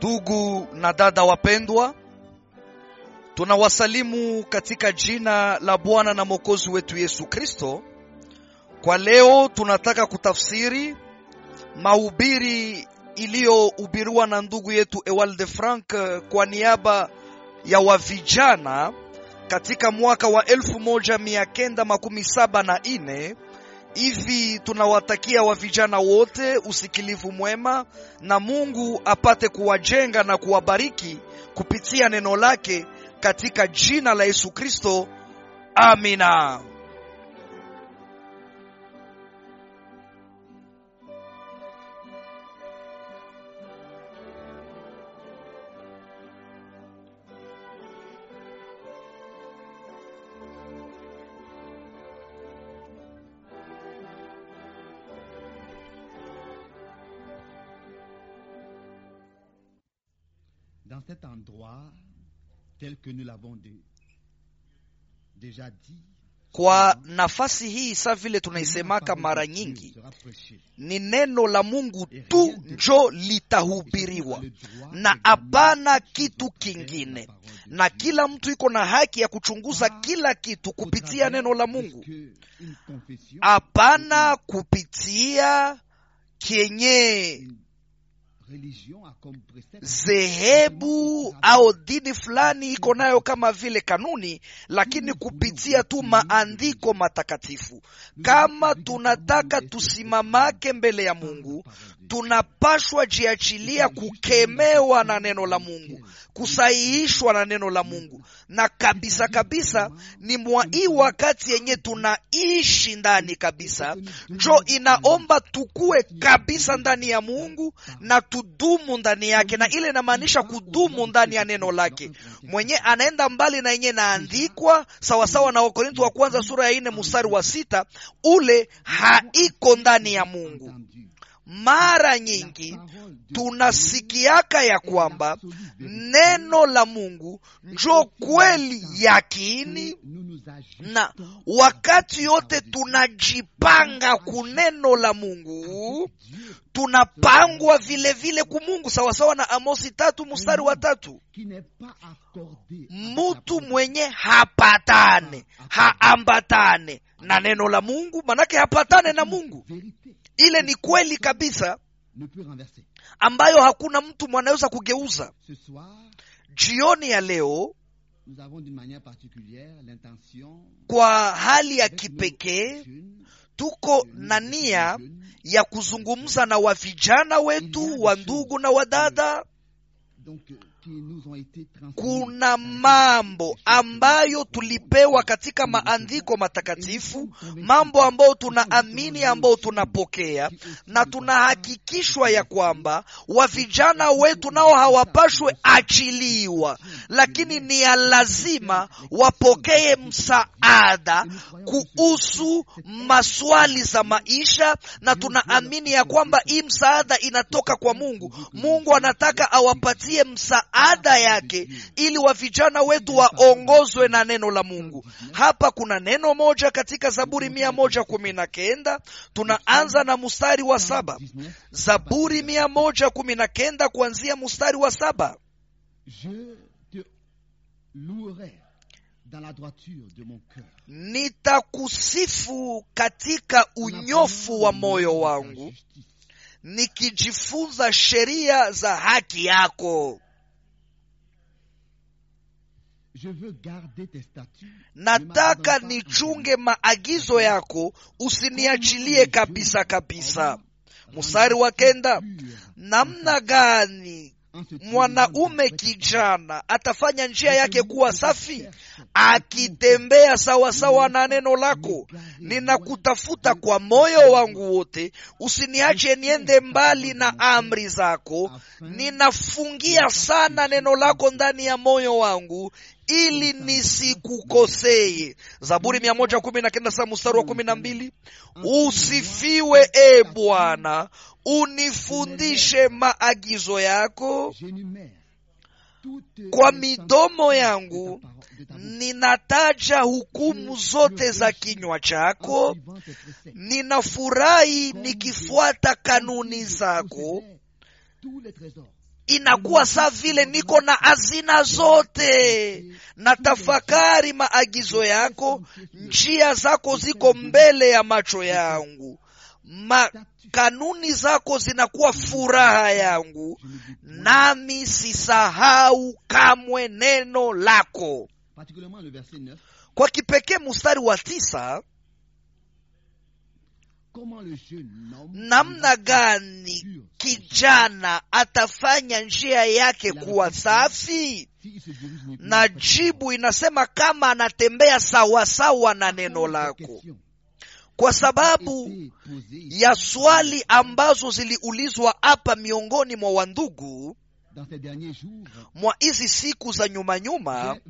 Ndugu na dada wapendwa, tunawasalimu katika jina la Bwana na Mwokozi wetu Yesu Kristo. Kwa leo tunataka kutafsiri mahubiri iliyohubiriwa na ndugu yetu de Frank kwa niaba ya wavijana katika mwaka wa 1974 Hivi tunawatakia wa vijana wote usikilivu mwema na Mungu apate kuwajenga na kuwabariki kupitia neno lake katika jina la Yesu Kristo. Amina. Kwa nafasi hii sa vile tunaisemaka mara nyingi, ni neno la Mungu tu njo litahubiriwa na hapana kitu kingine, na kila mtu iko na haki ya kuchunguza kila kitu kupitia neno la Mungu, hapana kupitia kenye zehebu au dini fulani iko nayo kama vile kanuni, lakini kupitia tu maandiko matakatifu. Kama tunataka tusimamake mbele ya Mungu, tunapashwa jiachilia kukemewa na neno la Mungu, kusahihishwa na neno la Mungu, na kabisa kabisa ni mwaii wakati yenye tunaishi ndani kabisa, njo inaomba tukue kabisa ndani ya Mungu na tudumu ndani yake, na ile inamaanisha kudumu ndani ya neno lake mwenye anaenda mbali na yenye naandikwa sawasawa na Wakorintho wa kwanza sura ya ine mstari wa sita ule haiko ndani ya Mungu mara nyingi tunasikiaka ya kwamba neno la Mungu njo kweli ya kiini, na wakati yote tunajipanga kuneno la Mungu, tunapangwa vile vile mungu sawasawa na Amosi tatu mustari wa tatu, mutu mwenye hapatane haambatane na neno la Mungu, manake hapatane na Mungu ile ni kweli kabisa ambayo hakuna mtu mwanaweza kugeuza. Jioni ya leo kwa hali ya kipekee tuko na nia ya kuzungumza na wavijana wetu wa ndugu na wadada kuna mambo ambayo tulipewa katika maandiko matakatifu, mambo ambayo tunaamini, ambayo tunapokea na tunahakikishwa ya kwamba wavijana wetu nao hawapashwe achiliwa, lakini ni ya lazima wapokee msaada kuhusu maswali za maisha, na tunaamini ya kwamba hii msaada inatoka kwa Mungu. Mungu anataka awapatie msaada ada yake, ili wa vijana wetu waongozwe na neno la Mungu. Hapa kuna neno moja katika Zaburi mia moja kumi na kenda. Tunaanza na mstari wa saba, Zaburi mia moja kumi na kenda kuanzia mstari wa saba. Dans la droiture de mon Nitakusifu katika unyofu wa moyo wangu nikijifunza sheria za haki yako. Nataka nichunge maagizo yako, usiniachilie kabisa kabisa. Mstari wa kenda, namna gani mwanaume kijana atafanya njia yake kuwa safi akitembea sawasawa na neno lako. Ninakutafuta kwa moyo wangu wote, usiniache niende mbali na amri zako. Ninafungia sana neno lako ndani ya moyo wangu ili nisikukoseye. Zaburi mia moja kumi na kenda saa mstari wa kumi na mbili. Usifiwe e Bwana unifundishe maagizo yako kwa midomo yangu ninataja hukumu zote za kinywa chako. Ninafurahi nikifuata kanuni zako, inakuwa saa vile niko na hazina zote. Na tafakari maagizo yako, njia zako ziko mbele ya macho yangu ma kanuni zako zinakuwa furaha yangu, nami sisahau kamwe neno lako. Kwa kipekee mstari wa tisa, namna gani kijana atafanya njia yake kuwa safi? Na jibu inasema kama anatembea sawasawa na neno lako kwa sababu ya swali ambazo ziliulizwa hapa miongoni mwa wandugu mwa hizi siku za nyuma nyuma,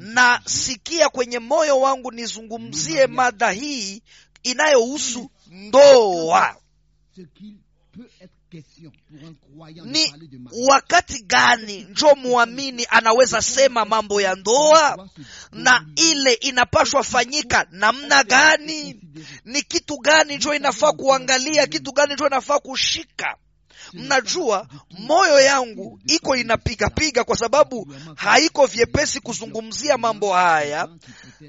na sikia kwenye moyo wangu nizungumzie mada hii inayohusu ndoa ni wakati gani njo mwamini anaweza sema mambo ya ndoa na ile inapashwa fanyika namna gani? Ni kitu gani njo inafaa kuangalia, kitu gani njo inafaa kushika? Mnajua moyo yangu iko inapigapiga, kwa sababu haiko vyepesi kuzungumzia mambo haya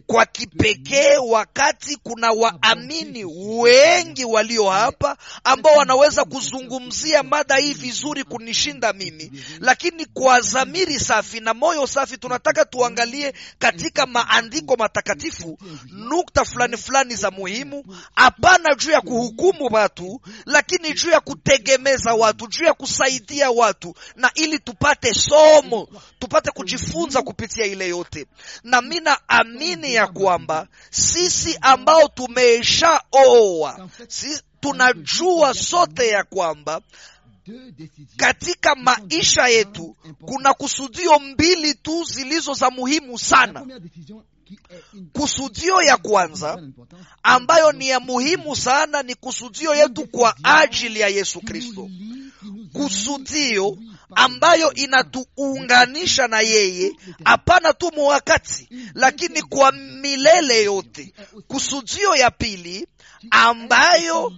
kwa kipekee, wakati kuna waamini wengi walio hapa ambao wanaweza kuzungumzia mada hii vizuri kunishinda mimi, lakini kwa zamiri safi na moyo safi tunataka tuangalie katika maandiko matakatifu nukta fulani fulani za muhimu, hapana juu ya kuhukumu watu, lakini juu ya kutegemeza watu watu, juu ya kusaidia watu, na ili tupate somo, tupate kujifunza kupitia ile yote. Na mi naamini ya kwamba sisi ambao tumeshaoa tunajua sote ya kwamba katika maisha yetu kuna kusudio mbili tu zilizo za muhimu sana. Kusudio ya kwanza ambayo ni ya muhimu sana ni kusudio yetu kwa ajili ya Yesu Kristo, kusudio ambayo inatuunganisha na yeye, hapana tu muwakati, lakini kwa milele yote. Kusudio ya pili ambayo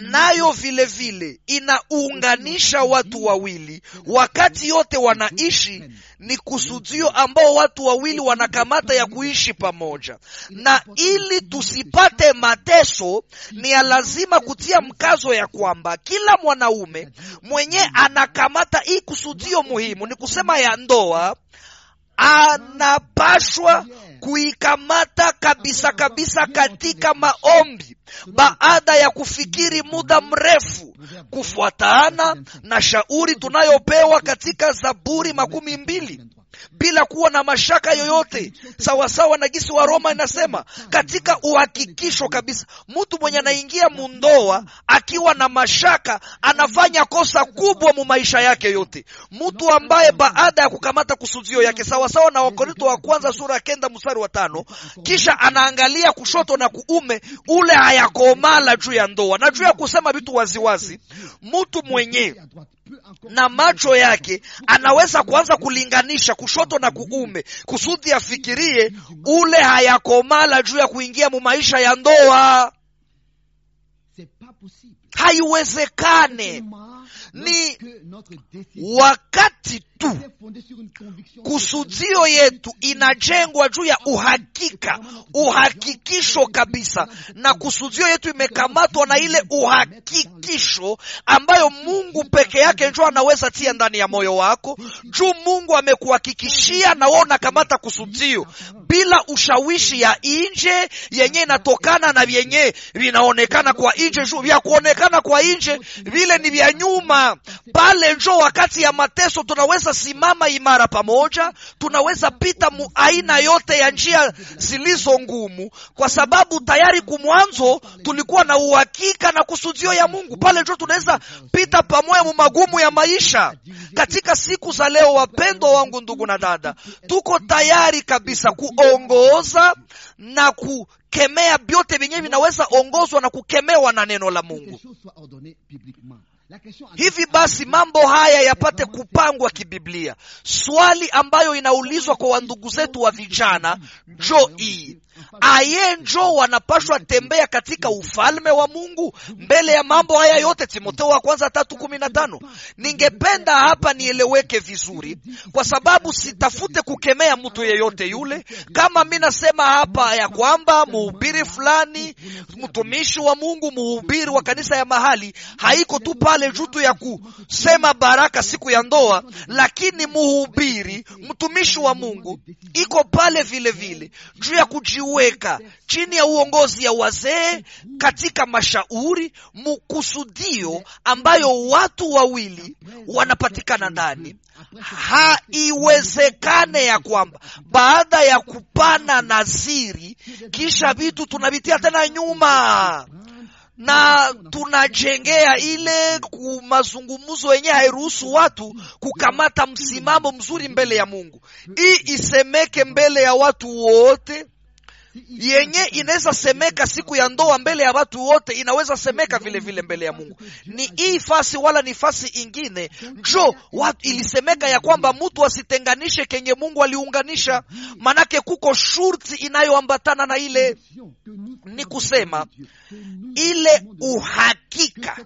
nayo vilevile inaunganisha watu wawili wakati yote wanaishi. Ni kusudio ambao watu wawili wanakamata ya kuishi pamoja, na ili tusipate mateso, ni ya lazima kutia mkazo ya kwamba kila mwanaume mwenye anakamata hii kusudio muhimu, ni kusema ya ndoa anapashwa kuikamata kabisa kabisa katika maombi, baada ya kufikiri muda mrefu, kufuatana na shauri tunayopewa katika Zaburi makumi mbili bila kuwa na mashaka yoyote, sawasawa na jinsi wa Roma inasema katika uhakikisho kabisa. Mtu mwenye anaingia mundoa akiwa na mashaka anafanya kosa kubwa mu maisha yake yote. Mtu ambaye baada ya kukamata kusudio yake, sawasawa na Wakorinto wa kwanza sura ya kenda mstari wa tano, kisha anaangalia kushoto na kuume, ule hayakomala juu ya ndoa na juu ya kusema vitu waziwazi, mtu mwenye na macho yake anaweza kuanza kulinganisha kushoto na kuume, kusudi afikirie ule hayakomala juu ya kuingia mu maisha ya ndoa. Haiwezekane. Ni wakati yetu Kusudio yetu inajengwa juu ya uhakika, uhakikisho kabisa, na kusudio yetu imekamatwa na ile uhakikisho ambayo Mungu peke yake njo anaweza tia ndani ya moyo wako, juu Mungu amekuhakikishia na wao unakamata kusudio bila ushawishi ya nje yenye inatokana na vyenye vinaonekana kwa nje. Juu vya kuonekana kwa nje vile ni vya nyuma, pale njo wakati ya mateso tunaweza tunaweza simama imara pamoja, tunaweza pita mu aina yote ya njia zilizo ngumu, kwa sababu tayari kumwanzo tulikuwa na uhakika na kusudio ya Mungu. Pale ndio tunaweza pita pamoja mu magumu ya maisha. Katika siku za leo, wapendwa wangu, ndugu na dada, tuko tayari kabisa kuongoza na ku kemea vyote vyenyewe vinaweza ongozwa na kukemewa na neno la Mungu. Hivi basi mambo haya yapate kupangwa kibiblia. Swali ambayo inaulizwa kwa wandugu zetu wa vijana jo hii aye njo wanapashwa tembea katika ufalme wa Mungu. Mbele ya mambo haya yote, Timotheo wa kwanza tatu kumi na tano. Ningependa hapa nieleweke vizuri, kwa sababu sitafute kukemea mtu yeyote yule. Kama mi nasema hapa ya kwamba muhubiri fulani, mtumishi wa Mungu, muhubiri wa kanisa ya mahali, haiko tu pale jutu ya kusema baraka siku ya ndoa, lakini muhubiri, mtumishi wa Mungu iko pale vile vile juu ya kuji kuliweka chini ya uongozi ya wazee katika mashauri mkusudio ambayo watu wawili wanapatikana ndani. Haiwezekane ya kwamba baada ya kupana naziri, kisha vitu tunavitia tena nyuma na tunajengea ile mazungumzo yenye hairuhusu watu kukamata msimamo mzuri mbele ya Mungu. Hii isemeke mbele ya watu wote yenye inaweza semeka siku ya ndoa mbele ya watu wote, inaweza semeka vile vile mbele ya Mungu. Ni hii fasi wala ni fasi ingine njo ilisemeka ya kwamba mtu asitenganishe kenye Mungu aliunganisha, manake kuko shurti inayoambatana na ile. Ni kusema ile uhakika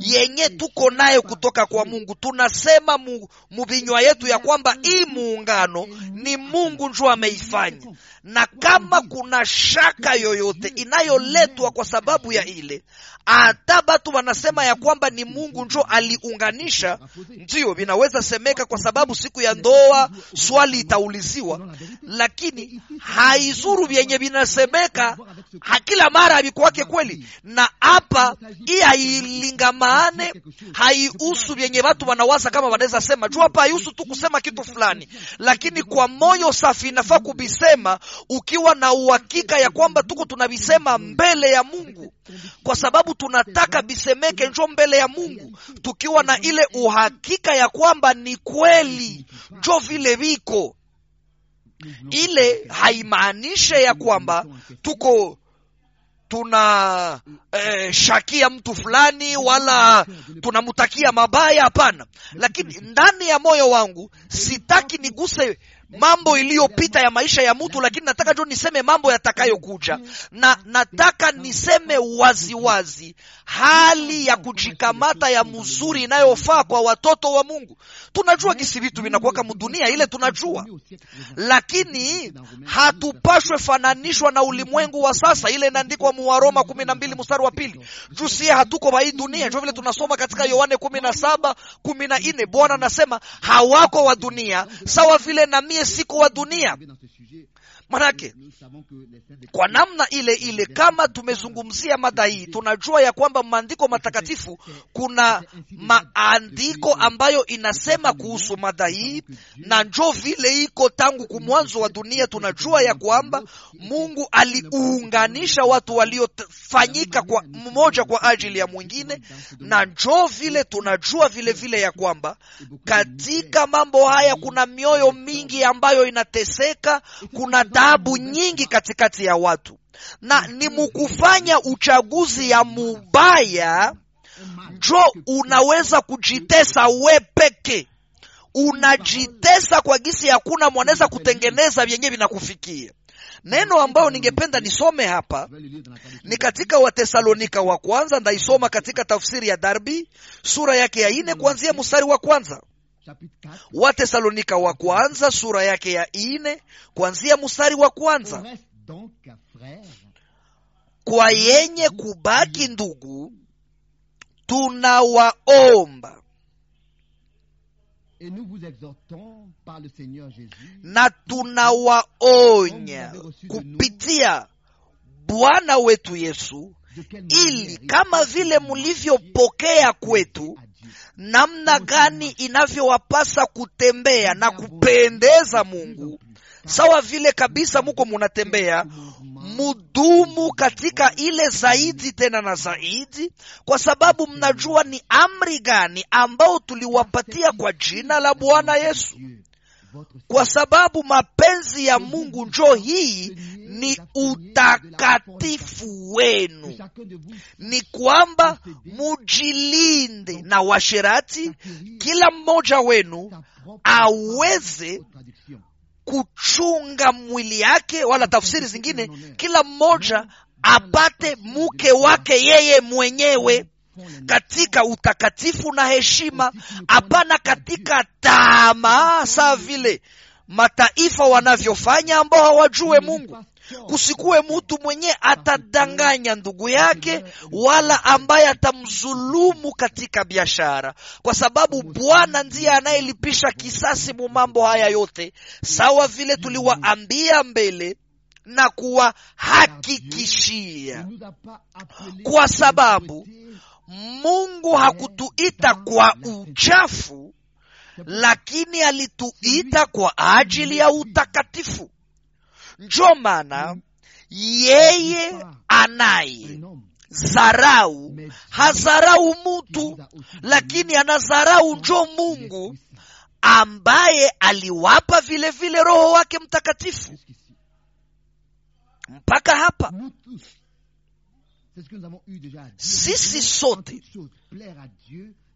yenye tuko nayo kutoka kwa Mungu. Tunasema mu, muvinywa yetu ya kwamba hii muungano ni Mungu njo ameifanya, na kama kuna shaka yoyote inayoletwa kwa sababu ya ile, hata batu wanasema ya kwamba ni Mungu njo aliunganisha, ndio vinaweza semeka, kwa sababu siku ya ndoa swali itauliziwa, lakini haizuru vyenye vinasemeka hakila mara havikuwake kweli kweli na hapa hii hailingamane, haihusu vyenye watu wanawaza kama wanaweza sema juu. Hapa haihusu tu kusema kitu fulani, lakini kwa moyo safi inafaa kubisema, ukiwa na uhakika ya kwamba tuko tunavisema mbele ya Mungu, kwa sababu tunataka bisemeke njo mbele ya Mungu, tukiwa na ile uhakika ya kwamba ni kweli njo vile viko ile haimaanishe ya kwamba tuko tuna e, shakia mtu fulani wala tunamtakia mabaya, hapana. Lakini ndani ya moyo wangu sitaki niguse mambo iliyopita ya maisha ya mtu, lakini nataka tu niseme mambo yatakayokuja, na nataka niseme waziwazi wazi, hali ya kujikamata ya mzuri inayofaa kwa watoto wa Mungu. Tunajua kisi vitu vinakuwaka mdunia ile, tunajua lakini hatupashwe fananishwa na ulimwengu wa sasa, ile inaandikwa Muwaroma kumi na mbili mstari wa pili. Jusie hatuko wa hii dunia, jo vile tunasoma katika Yohane kumi na saba kumi na nne Bwana anasema hawako wa dunia sawa vile na mie mwenye siku wa dunia Manake kwa namna ile ile, kama tumezungumzia mada hii, tunajua ya kwamba maandiko matakatifu, kuna maandiko ambayo inasema kuhusu mada hii, na njo vile iko tangu kumwanzo wa dunia. Tunajua ya kwamba Mungu aliuunganisha watu waliofanyika kwa mmoja kwa ajili ya mwingine, na njo vile tunajua vile vile ya kwamba katika mambo haya kuna mioyo mingi ambayo inateseka, kuna taabu nyingi katikati ya watu, na ni mukufanya uchaguzi ya mubaya njo unaweza kujitesa we peke unajitesa kwa gisi hakuna mwanaweza kutengeneza vyenye vinakufikia. Neno ambayo ningependa nisome hapa ni katika Watesalonika wa kwanza, ndaisoma katika tafsiri ya Darbi sura yake ya ine kuanzia mstari wa kwanza. Watesalonika wa kwanza sura yake ya ine kuanzia mstari wa kwanza. Kwa yenye kubaki ndugu, tunawaomba na tunawaonya kupitia Bwana wetu Yesu, ili kama vile mulivyopokea kwetu namna gani inavyowapasa kutembea na kupendeza Mungu, sawa vile kabisa muko munatembea mudumu katika ile zaidi tena na zaidi, kwa sababu mnajua ni amri gani ambao tuliwapatia kwa jina la Bwana Yesu, kwa sababu mapenzi ya Mungu njo hii ni utakatifu wenu, ni kwamba mujilinde na washerati, kila mmoja wenu aweze kuchunga mwili yake, wala tafsiri zingine, kila mmoja apate mke wake yeye mwenyewe katika utakatifu na heshima, hapana katika tamaa, saa vile mataifa wanavyofanya ambao hawajue Mungu. Kusikuwe mutu mwenye atadanganya ndugu yake wala ambaye atamzulumu katika biashara, kwa sababu Bwana ndiye anayelipisha kisasi mu mambo haya yote, sawa vile tuliwaambia mbele na kuwahakikishia, kwa sababu Mungu hakutuita kwa uchafu, lakini alituita kwa ajili ya utakatifu njo maana yeye anaye zarau hazarau mutu, lakini anazarau njo Mungu ambaye aliwapa vile vile Roho wake Mtakatifu. Mpaka hapa sisi sote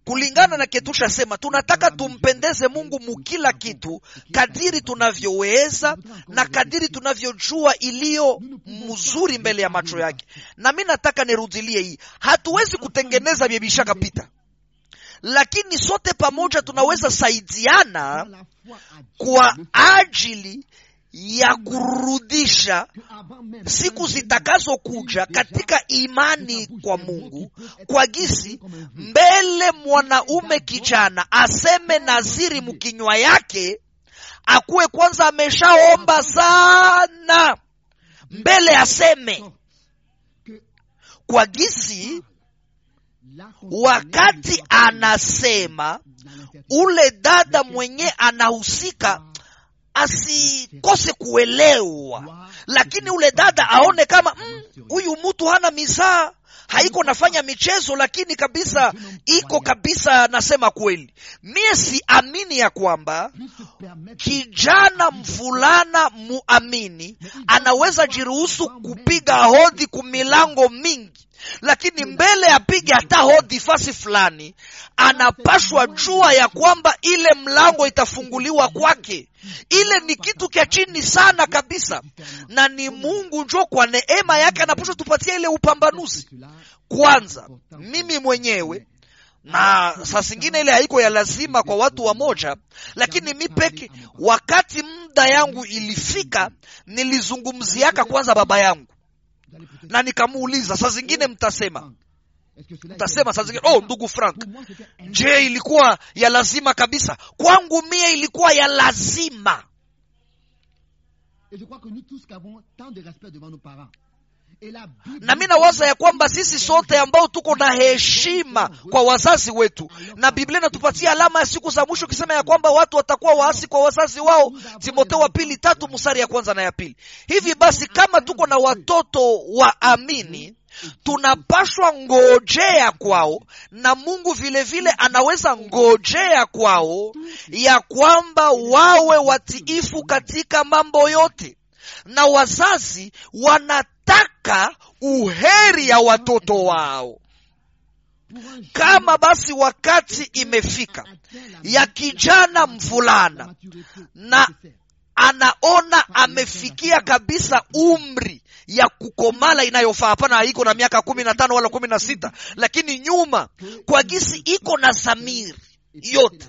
kulingana na ketusha sema, tunataka tumpendeze Mungu mukila kitu, kadiri tunavyoweza na kadiri tunavyojua iliyo mzuri mbele ya macho yake. Na mi nataka nirudilie hii, hatuwezi kutengeneza vyebishaka pita lakini sote pamoja tunaweza saidiana kwa ajili ya kurudisha siku zitakazokuja katika imani kwa Mungu, kwa gisi mbele mwanaume kijana aseme naziri mkinywa yake, akuwe kwanza ameshaomba sana mbele aseme, kwa gisi wakati anasema ule dada mwenye anahusika asikose kuelewa, lakini ule dada aone kama mm, huyu mm, mtu hana mizaa haiko nafanya michezo, lakini kabisa iko kabisa. Nasema kweli, mie siamini ya kwamba kijana mfulana muamini anaweza jiruhusu kupiga hodhi kumilango mingi lakini mbele apige hata hodi fasi fulani, anapashwa jua ya kwamba ile mlango itafunguliwa kwake. Ile ni kitu kya chini sana kabisa, na ni Mungu njo kwa neema yake anapashwa tupatia ile upambanuzi. Kwanza mimi mwenyewe na saa zingine ile haiko ya lazima kwa watu wa moja, lakini mi peke, wakati muda yangu ilifika, nilizungumziaka kwanza baba yangu na nikamuuliza. Saa zingine mtasema mtasema saa zingine, oh, ndugu Frank, je, ilikuwa ya lazima kabisa? Kwangu mia ilikuwa ya lazima E na mi nawaza ya kwamba sisi sote ambao tuko na heshima kwa wazazi wetu, na Biblia inatupatia alama ya siku za mwisho ikisema ya kwamba watu watakuwa waasi kwa wazazi wao, Timotheo wa pili tatu mstari ya kwanza na ya pili. Hivi basi kama tuko na watoto wa amini tunapashwa ngojea kwao na Mungu vilevile vile anaweza ngojea kwao ya kwamba wawe watiifu katika mambo yote, na wazazi wana kutaka uheri ya watoto wao. Kama basi wakati imefika ya kijana mvulana na anaona amefikia kabisa umri ya kukomala inayofaa. Hapana, iko na miaka kumi na tano wala kumi na sita, lakini nyuma kwa gisi iko na zamiri yote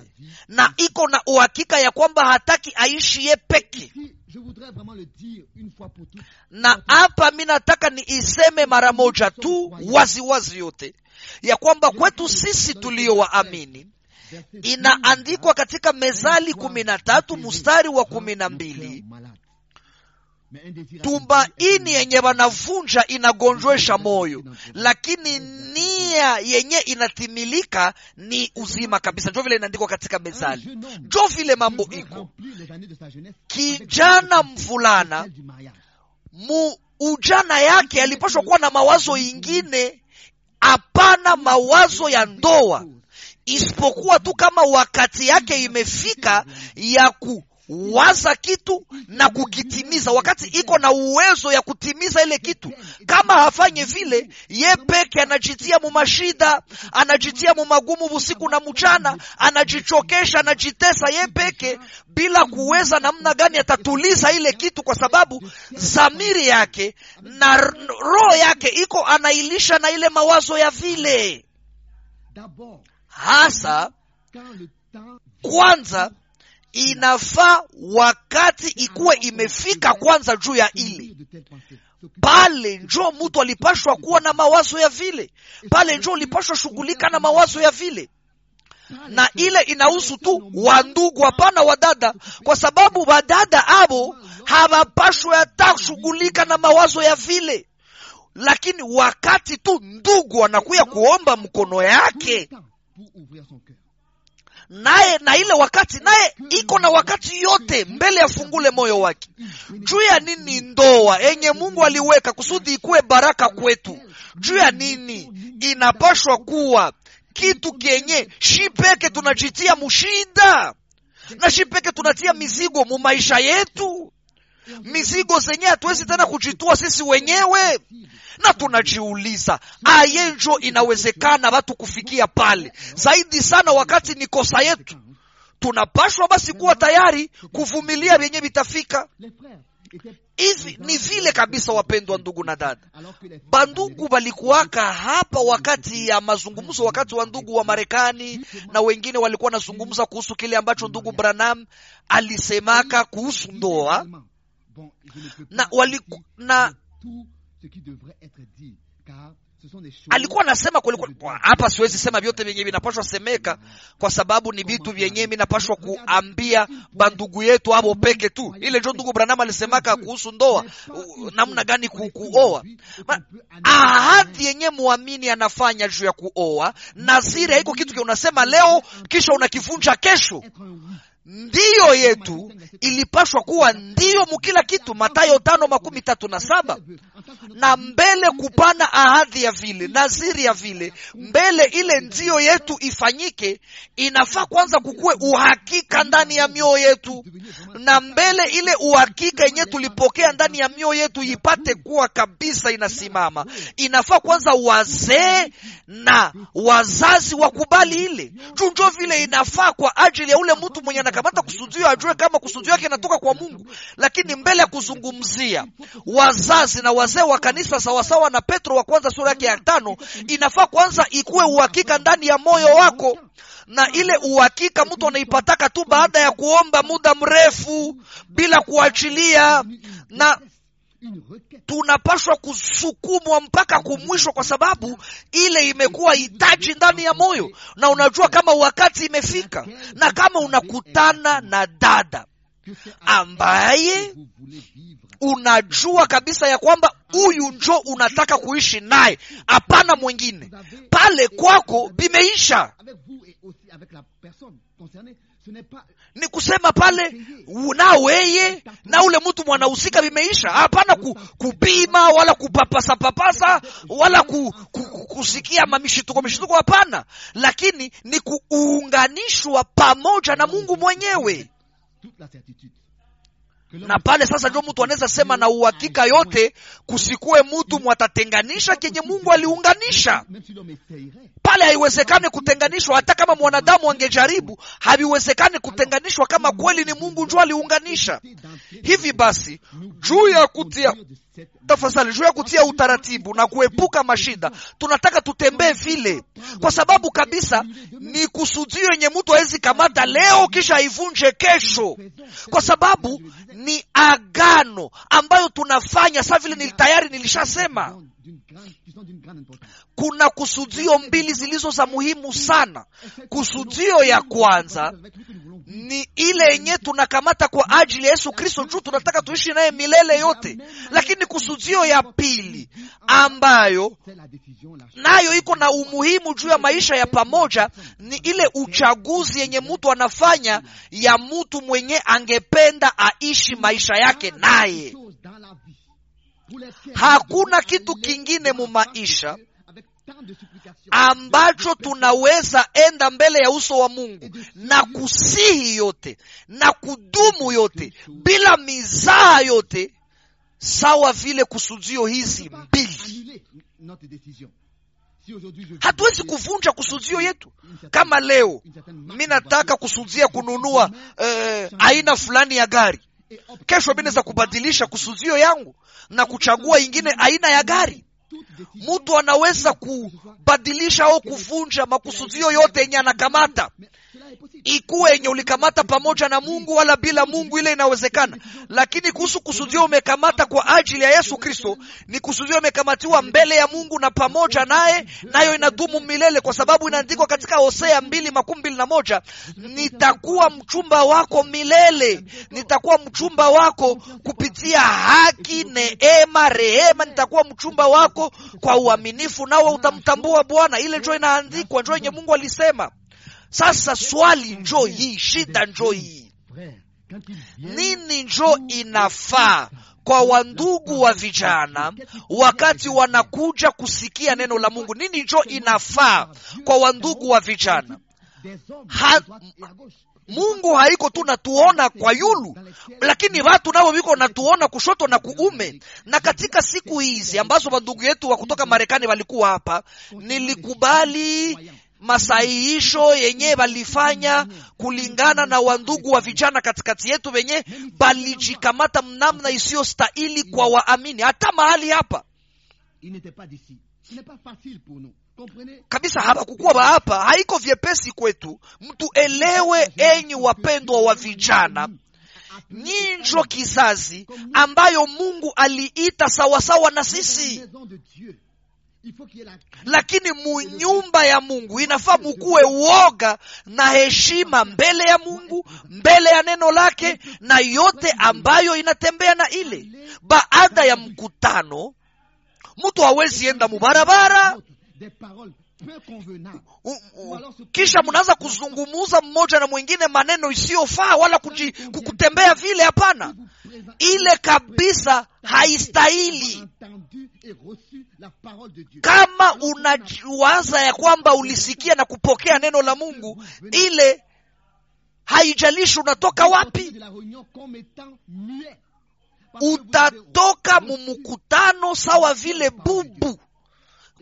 na iko na uhakika ya kwamba hataki aishi ye peke na hapa mi nataka ni iseme mara moja tu waziwazi wazi yote ya kwamba kwetu sisi tuliowaamini inaandikwa katika Mezali kumi na tatu mstari wa kumi na mbili tumaini yenye wanavunja inagonjwesha moyo, lakini nia yenye inatimilika ni uzima kabisa. Njo vile inaandikwa katika Mezali, njo vile mambo iko. Kijana mvulana mu ujana yake alipashwa kuwa na mawazo ingine, hapana mawazo ya ndoa, isipokuwa tu kama wakati yake imefika ya ku waza kitu na kukitimiza, wakati iko na uwezo ya kutimiza ile kitu. Kama hafanye vile, ye peke anajitia mumashida, anajitia mumagumu usiku na mchana, anajichokesha, anajitesa ye peke bila kuweza namna gani atatuliza ile kitu, kwa sababu zamiri yake na roho yake iko anailisha na ile mawazo ya vile hasa kwanza inafaa wakati ikuwe imefika kwanza juu ya ile pale njo mtu alipashwa kuwa na mawazo ya vile, pale njo ulipashwa shughulika na mawazo ya vile, na ile inahusu tu wandugu, hapana wadada, kwa sababu wadada abo hawapashwe hata shughulika na mawazo ya vile. Lakini wakati tu ndugu anakuya kuomba mkono yake naye na ile wakati naye iko na wakati yote mbele ya fungule moyo wake. Juu ya nini ndoa enye Mungu aliweka kusudi ikuwe baraka kwetu? Juu ya nini inapashwa kuwa kitu kenye shi peke tunajitia mushida na shi peke tunatia mizigo mu maisha yetu? mizigo zenyewe hatuwezi tena kujitua sisi wenyewe, na tunajiuliza ayenjo inawezekana watu kufikia pale zaidi sana, wakati ni kosa yetu. Tunapashwa basi kuwa tayari kuvumilia vyenye vitafika. Hivi ni vile kabisa, wapendwa ndugu na dada. Bandugu walikuwaka hapa wakati ya mazungumzo, wakati wa ndugu wa Marekani na wengine walikuwa wanazungumza kuhusu kile ambacho ndugu branam alisemaka kuhusu ndoa na, waliku, na alikuwa anasema hapa, siwezi sema vyote vyenye vinapashwa semeka, kwa sababu ni vitu vyenye vinapashwa kuambia bandugu yetu avo peke tu. Ile njo ndugu Branham alisemaka kuhusu ndoa, namna gani kuoa, ahadi yenye muamini anafanya juu ya kuoa. Naziri haiko kitu unasema leo kisha unakifunja kesho ndiyo yetu ilipashwa kuwa ndiyo mukila kitu, Matayo tano makumi tatu na saba. Na mbele kupana ahadhi ya vile naziri ya vile, mbele ile ndiyo yetu ifanyike, inafaa kwanza kukuwe uhakika ndani ya mioyo yetu, na mbele ile uhakika yenye tulipokea ndani ya mioyo yetu ipate kuwa kabisa inasimama, inafaa kwanza wazee na wazazi wakubali ile chunjo vile inafaa kwa ajili ya ule mtu mwenye na anakamata kusudio, ajue kama kusudio yake inatoka kwa Mungu. Lakini mbele ya kuzungumzia wazazi na wazee wa kanisa, sawasawa na Petro wa kwanza sura yake ya tano, inafaa kwanza ikuwe uhakika ndani ya moyo wako na ile uhakika mtu anaipataka tu baada ya kuomba muda mrefu bila kuachilia, na tunapaswa kusukumwa mpaka kumwishwa, kwa sababu ile imekuwa hitaji ndani ya moyo, na unajua kama wakati imefika. Na kama unakutana na dada ambaye unajua kabisa ya kwamba huyu njo unataka kuishi naye, hapana mwingine, pale kwako vimeisha ni kusema pale na weye na ule mtu mwanahusika vimeisha. Hapana ku, kubima wala kupapasapapasa wala ku, ku, kusikia mamishituko mishituko, hapana, lakini ni kuunganishwa pamoja na Mungu mwenyewe na pale sasa ndio mtu anaweza sema na uhakika yote, kusikuwe mtu mwatatenganisha kenye Mungu aliunganisha. Pale haiwezekani kutenganishwa, hata kama mwanadamu angejaribu, haviwezekani kutenganishwa kama kweli ni Mungu ndio aliunganisha. Hivi basi, juu ya kutia tafadhali, juu ya kutia utaratibu na kuepuka mashida, tunataka tutembee vile, kwa sababu kabisa ni kusudio yenye mtu awezi kamata leo kisha aivunje kesho, kwa sababu ni agano ambayo tunafanya saa vile ni tayari nilishasema kuna kusudio mbili zilizo za muhimu sana kusudio ya kwanza ni ile yenye tunakamata kwa ajili ya Yesu Kristo, juu tunataka tuishi naye milele yote. Lakini kusudio ya pili ambayo nayo iko na umuhimu juu ya maisha ya pamoja ni ile uchaguzi yenye mtu anafanya ya mtu mwenye angependa aishi maisha yake naye. Hakuna kitu kingine mu maisha ambacho tunaweza enda mbele ya uso wa Mungu na kusihi yote na kudumu yote bila mizaha yote, sawa vile kusudio hizi mbili. Hatuwezi kuvunja kusudio yetu. Kama leo mi nataka kusudia kununua eh, aina fulani ya gari, kesho mi naweza kubadilisha kusudio yangu na kuchagua ingine aina ya gari Mtu anaweza kubadilisha au kuvunja makusudio yote yenye anakamata, ikuwa yenye ulikamata pamoja na Mungu wala bila Mungu, ile inawezekana. Lakini kuhusu kusudio umekamata kwa ajili ya Yesu Kristo, ni kusudio umekamatiwa mbele ya Mungu na pamoja naye, nayo inadumu milele, kwa sababu inaandikwa katika Hosea mbili makumi mbili na moja nitakuwa mchumba wako milele, nitakuwa mchumba wako kupitia haki, neema, rehema, nitakuwa mchumba wako yako kwa uaminifu, nawe utamtambua Bwana. Ile njoo inaandikwa, njoo yenye Mungu alisema. Sasa swali njoo hii, shida njoo hii, nini njo inafaa kwa wandugu wa vijana wakati wanakuja kusikia neno la Mungu? Nini njo inafaa kwa wandugu wa vijana ha, Mungu haiko tu natuona kwa yulu, lakini vatu navo viko natuona kushoto na kuume. Na katika siku hizi ambazo wandugu yetu wa kutoka Marekani walikuwa hapa, nilikubali masahihisho yenye walifanya kulingana na wandugu wa vijana katikati yetu wenye balijikamata mnamna isiyo stahili kwa waamini hata mahali hapa kabisa hawakukuwa hapa, haiko vyepesi kwetu. Mtu elewe, enyi wapendwa wa vijana, nyinjo kizazi ambayo Mungu aliita sawasawa na sisi, lakini munyumba ya Mungu inafaa mukuwe woga na heshima mbele ya Mungu, mbele ya neno lake na yote ambayo inatembea na ile. Baada ya mkutano, mtu hawezi enda mubarabara kisha mnaanza kuzungumuza mmoja na mwingine maneno isiyofaa wala kuji, kutembea vile. Hapana, ile kabisa haistahili. Kama unawaza ya kwamba ulisikia na kupokea neno la Mungu, ile haijalishi unatoka wapi, utatoka mumkutano sawa vile bubu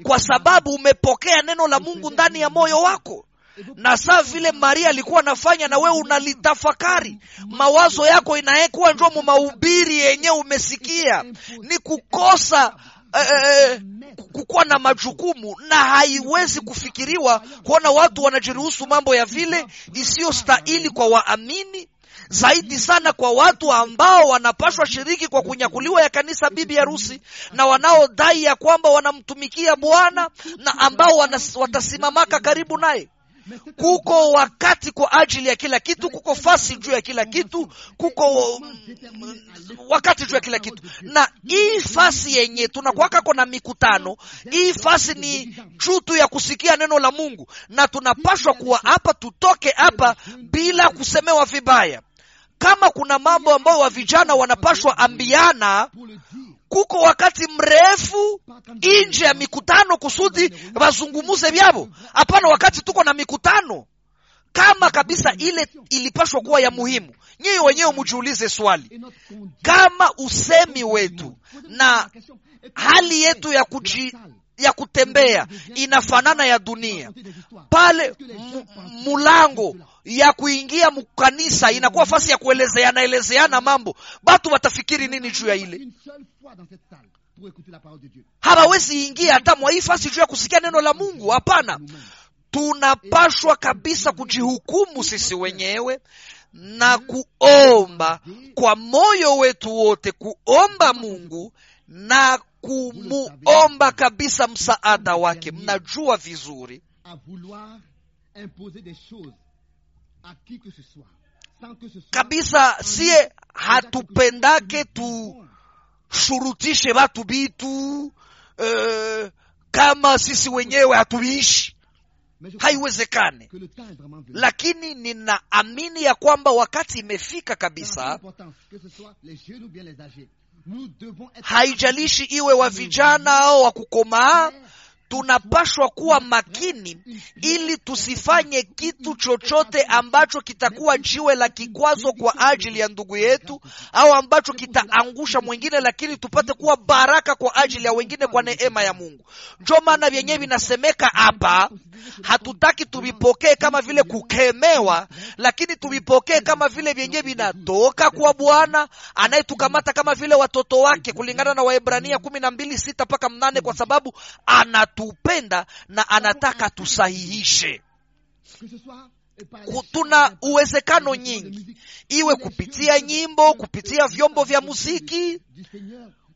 kwa sababu umepokea neno la mungu ndani ya moyo wako na saa vile maria alikuwa anafanya na wewe unalitafakari mawazo yako inaekuwa njo mumahubiri yenye umesikia ni kukosa eh, eh, eh kukuwa na majukumu na haiwezi kufikiriwa kuona watu wanajiruhusu mambo ya vile isiyostahili kwa waamini zaidi sana kwa watu ambao wanapashwa shiriki kwa kunyakuliwa ya kanisa bibi harusi, na wanaodai ya kwamba wanamtumikia Bwana na ambao wanas, watasimamaka karibu naye. Kuko wakati kwa ajili ya kila kitu, kuko fasi juu ya kila kitu, kuko mm, wakati juu ya kila kitu. Na hii fasi yenye tunakwaka na mikutano, hii fasi ni chutu ya kusikia neno la Mungu, na tunapashwa kuwa hapa, tutoke hapa bila kusemewa vibaya. Kama kuna mambo ambayo wa vijana wanapashwa ambiana, kuko wakati mrefu nje ya mikutano kusudi wazungumuze vyavo. Hapana, wakati tuko na mikutano kama kabisa ile ilipashwa kuwa ya muhimu. Nyinyi wenyewe mujiulize swali, kama usemi wetu na hali yetu ya kuji ya kutembea inafanana ya dunia pale. Mulango ya kuingia mukanisa inakuwa fasi ya kuelezeana elezeana mambo, batu watafikiri nini juu ya ile? Hawawezi ingia hata mwa hii fasi juu ya kusikia neno la Mungu. Hapana, tunapashwa kabisa kujihukumu sisi wenyewe na kuomba kwa moyo wetu wote, kuomba Mungu na kumuomba kabisa msaada wake. Mnajua vizuri kabisa, siye hatupendake tushurutishe watu bitu uh, kama sisi wenyewe hatuishi haiwezekane. Lakini ninaamini ya kwamba wakati imefika kabisa haijalishi iwe wa vijana au wa kukomaa tunapashwa kuwa makini ili tusifanye kitu chochote ambacho kitakuwa jiwe la kikwazo kwa ajili ya ndugu yetu au ambacho kitaangusha mwingine, lakini tupate kuwa baraka kwa ajili ya wengine kwa neema ya Mungu. Njo maana vyenyewe vinasemeka hapa, hatutaki tuvipokee kama vile kukemewa, lakini tuvipokee kama vile vyenyewe vinatoka kwa Bwana anayetukamata kama vile watoto wake, kulingana na Waebrania kumi na mbili sita mpaka mnane kwa sababu ana anatupenda na anataka tusahihishe. Tuna uwezekano nyingi, iwe kupitia nyimbo, kupitia vyombo vya muziki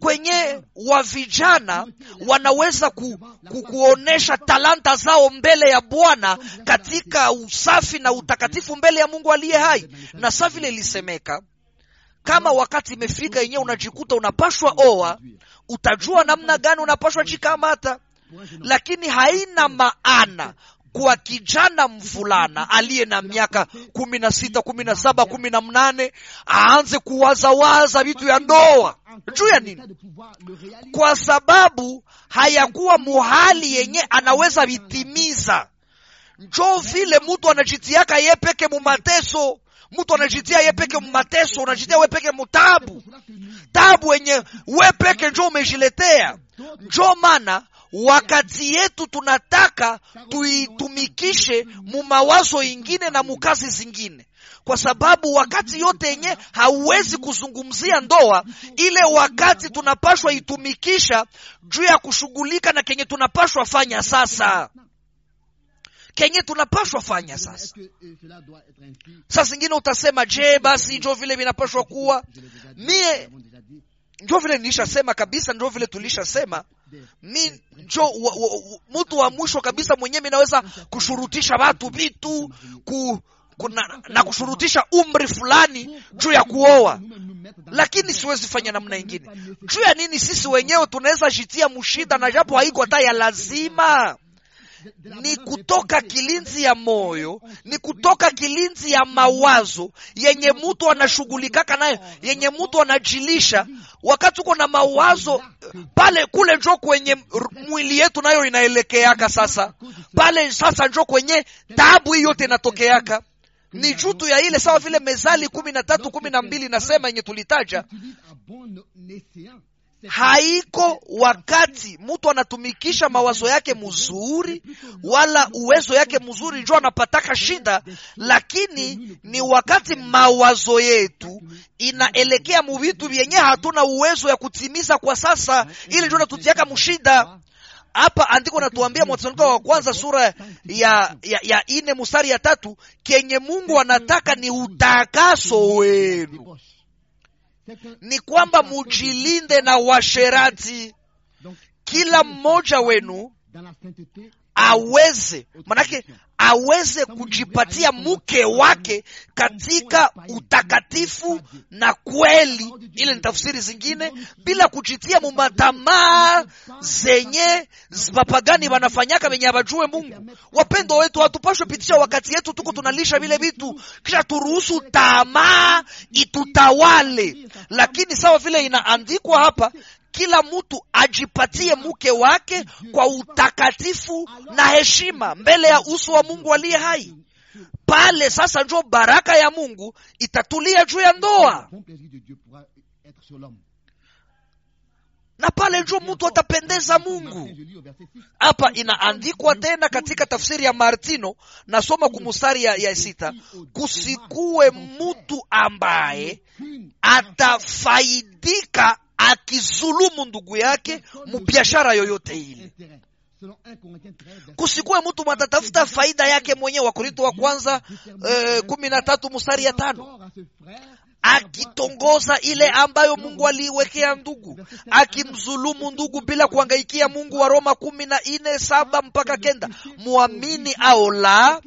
kwenye wa vijana wanaweza ku, ku, kuonesha talanta zao mbele ya Bwana katika usafi na utakatifu mbele ya Mungu aliye hai. Na saa vile ilisemeka, kama wakati imefika yenyewe unajikuta unapashwa oa, utajua namna gani unapashwa jikamata lakini haina maana kwa kijana mvulana aliye na miaka kumi na sita kumi na saba kumi na mnane aanze kuwazawaza vitu ya ndoa juu ya nini? Kwa sababu hayakuwa muhali yenye anaweza vitimiza. Njo vile mutu anajitiaka ye peke mumateso, mutu anajitia ye peke mumateso, unajitia we peke mutabu tabu wenye we peke njo umejiletea. Njo mana wakati yetu tunataka tuitumikishe mumawazo ingine na mukazi zingine, kwa sababu wakati yote yenye hauwezi kuzungumzia ndoa ile, wakati tunapashwa itumikisha juu ya kushughulika na kenye tunapashwa fanya sasa kenye tunapashwa fanya sasa. Saa zingine utasema, je, basi njo vile vinapashwa kuwa? Mie njo vile nilishasema kabisa, njo vile tulishasema mi njo mtu wa mwisho kabisa mwenyewe. Minaweza kushurutisha watu vitu ku, ku, na, na kushurutisha umri fulani juu ya kuoa, lakini siwezi fanya namna ingine. Juu ya nini sisi wenyewe tunaweza jitia mushida na japo haiko hata ya lazima ni kutoka kilinzi ya moyo, ni kutoka kilinzi ya mawazo yenye mtu anashughulikaka nayo, yenye mtu anajilisha. Wakati uko na mawazo pale, kule njo kwenye mwili yetu nayo inaelekeaka. Sasa pale, sasa njo kwenye taabu hii yote inatokeaka ni jutu ya ile sawa vile Mezali kumi na tatu kumi na mbili nasema yenye tulitaja haiko wakati mtu anatumikisha mawazo yake mzuri wala uwezo yake mzuri njo anapataka shida, lakini ni wakati mawazo yetu inaelekea muvitu vyenye hatuna uwezo ya kutimiza kwa sasa, ili njo natutiaka mshida. Hapa andiko natuambia Mwatanonika wa kwanza sura ya, ya, ya ine mustari ya tatu kenye Mungu anataka ni utakaso wenu ni kwamba mujilinde na washerati, kila mmoja wenu aweze manake aweze kujipatia mke wake katika utakatifu na kweli, ile ni tafsiri zingine, bila kujitia mumatamaa zenye vapagani wanafanyaka venye abajue Mungu. wapendo wetu, hatupashwe pitisha wakati yetu tuko tunalisha vile vitu, kisha turuhusu tamaa itutawale. Lakini sawa vile inaandikwa hapa kila mtu ajipatie mke wake kwa utakatifu na heshima mbele ya uso wa Mungu aliye hai. Pale sasa njo baraka ya Mungu itatulia juu ya ndoa, na pale njo mtu atapendeza Mungu. Hapa inaandikwa tena katika tafsiri ya Martino, nasoma kumustari ya, ya sita, kusikue mtu ambaye atafaidika akizulumu ndugu yake mubiashara yoyote ile. Kusikuwe mtu matatafuta faida yake mwenyewe. korinto wa kwanza eh, kumi na tatu mustari ya tano akitongoza ile ambayo Mungu aliiwekea ndugu, akimzulumu ndugu bila kuangaikia Mungu. Wa Roma kumi na nne saba mpaka kenda. Mwamini au la,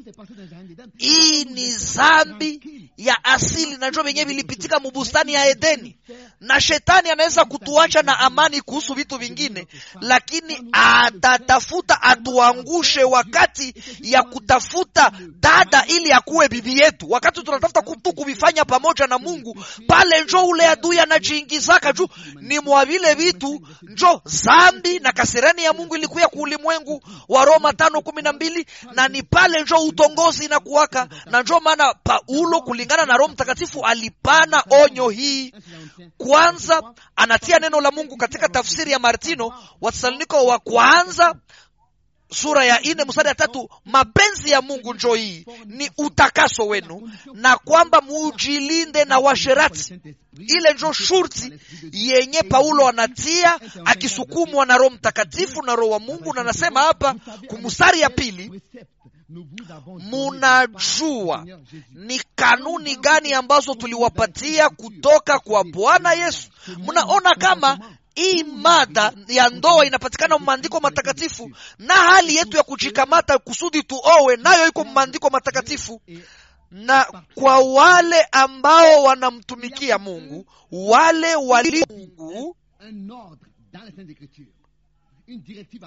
hii ni zambi ya asili na njo vyenyewe vilipitika mubustani ya Edeni, na shetani anaweza kutuacha na amani kuhusu vitu vingine, lakini atatafuta atuangushe wakati ya kutafuta dada ili akuwe bibi yetu, wakati tunatafuta kutu kuvifanya pamoja na Mungu Mungu pale, njo ule adui anajiingizaka juu ni mwa vile vitu, njo zambi na kasirani ya Mungu ilikuya ku ulimwengu wa Roma tano kumi na mbili, na ni pale njo utongozi na kuwaka, na njo maana Paulo kulingana na Roho Mtakatifu alipana onyo hii. Kwanza anatia neno la Mungu katika tafsiri ya Martino Wathesaloniko wa kwanza sura ya ine mstari ya tatu mapenzi ya Mungu njo hii ni utakaso wenu, na kwamba mujilinde na washerati. Ile njo shurti yenye Paulo anatia akisukumwa na Roho Mtakatifu na Roho wa Mungu, na anasema hapa kumstari ya pili Munajua ni kanuni gani ambazo tuliwapatia kutoka kwa Bwana Yesu. Mnaona kama hii mada ya ndoa inapatikana mmaandiko matakatifu, na hali yetu ya kujikamata kusudi tuowe nayo iko mmaandiko matakatifu na kwa wale ambao wanamtumikia Mungu, wale walimungu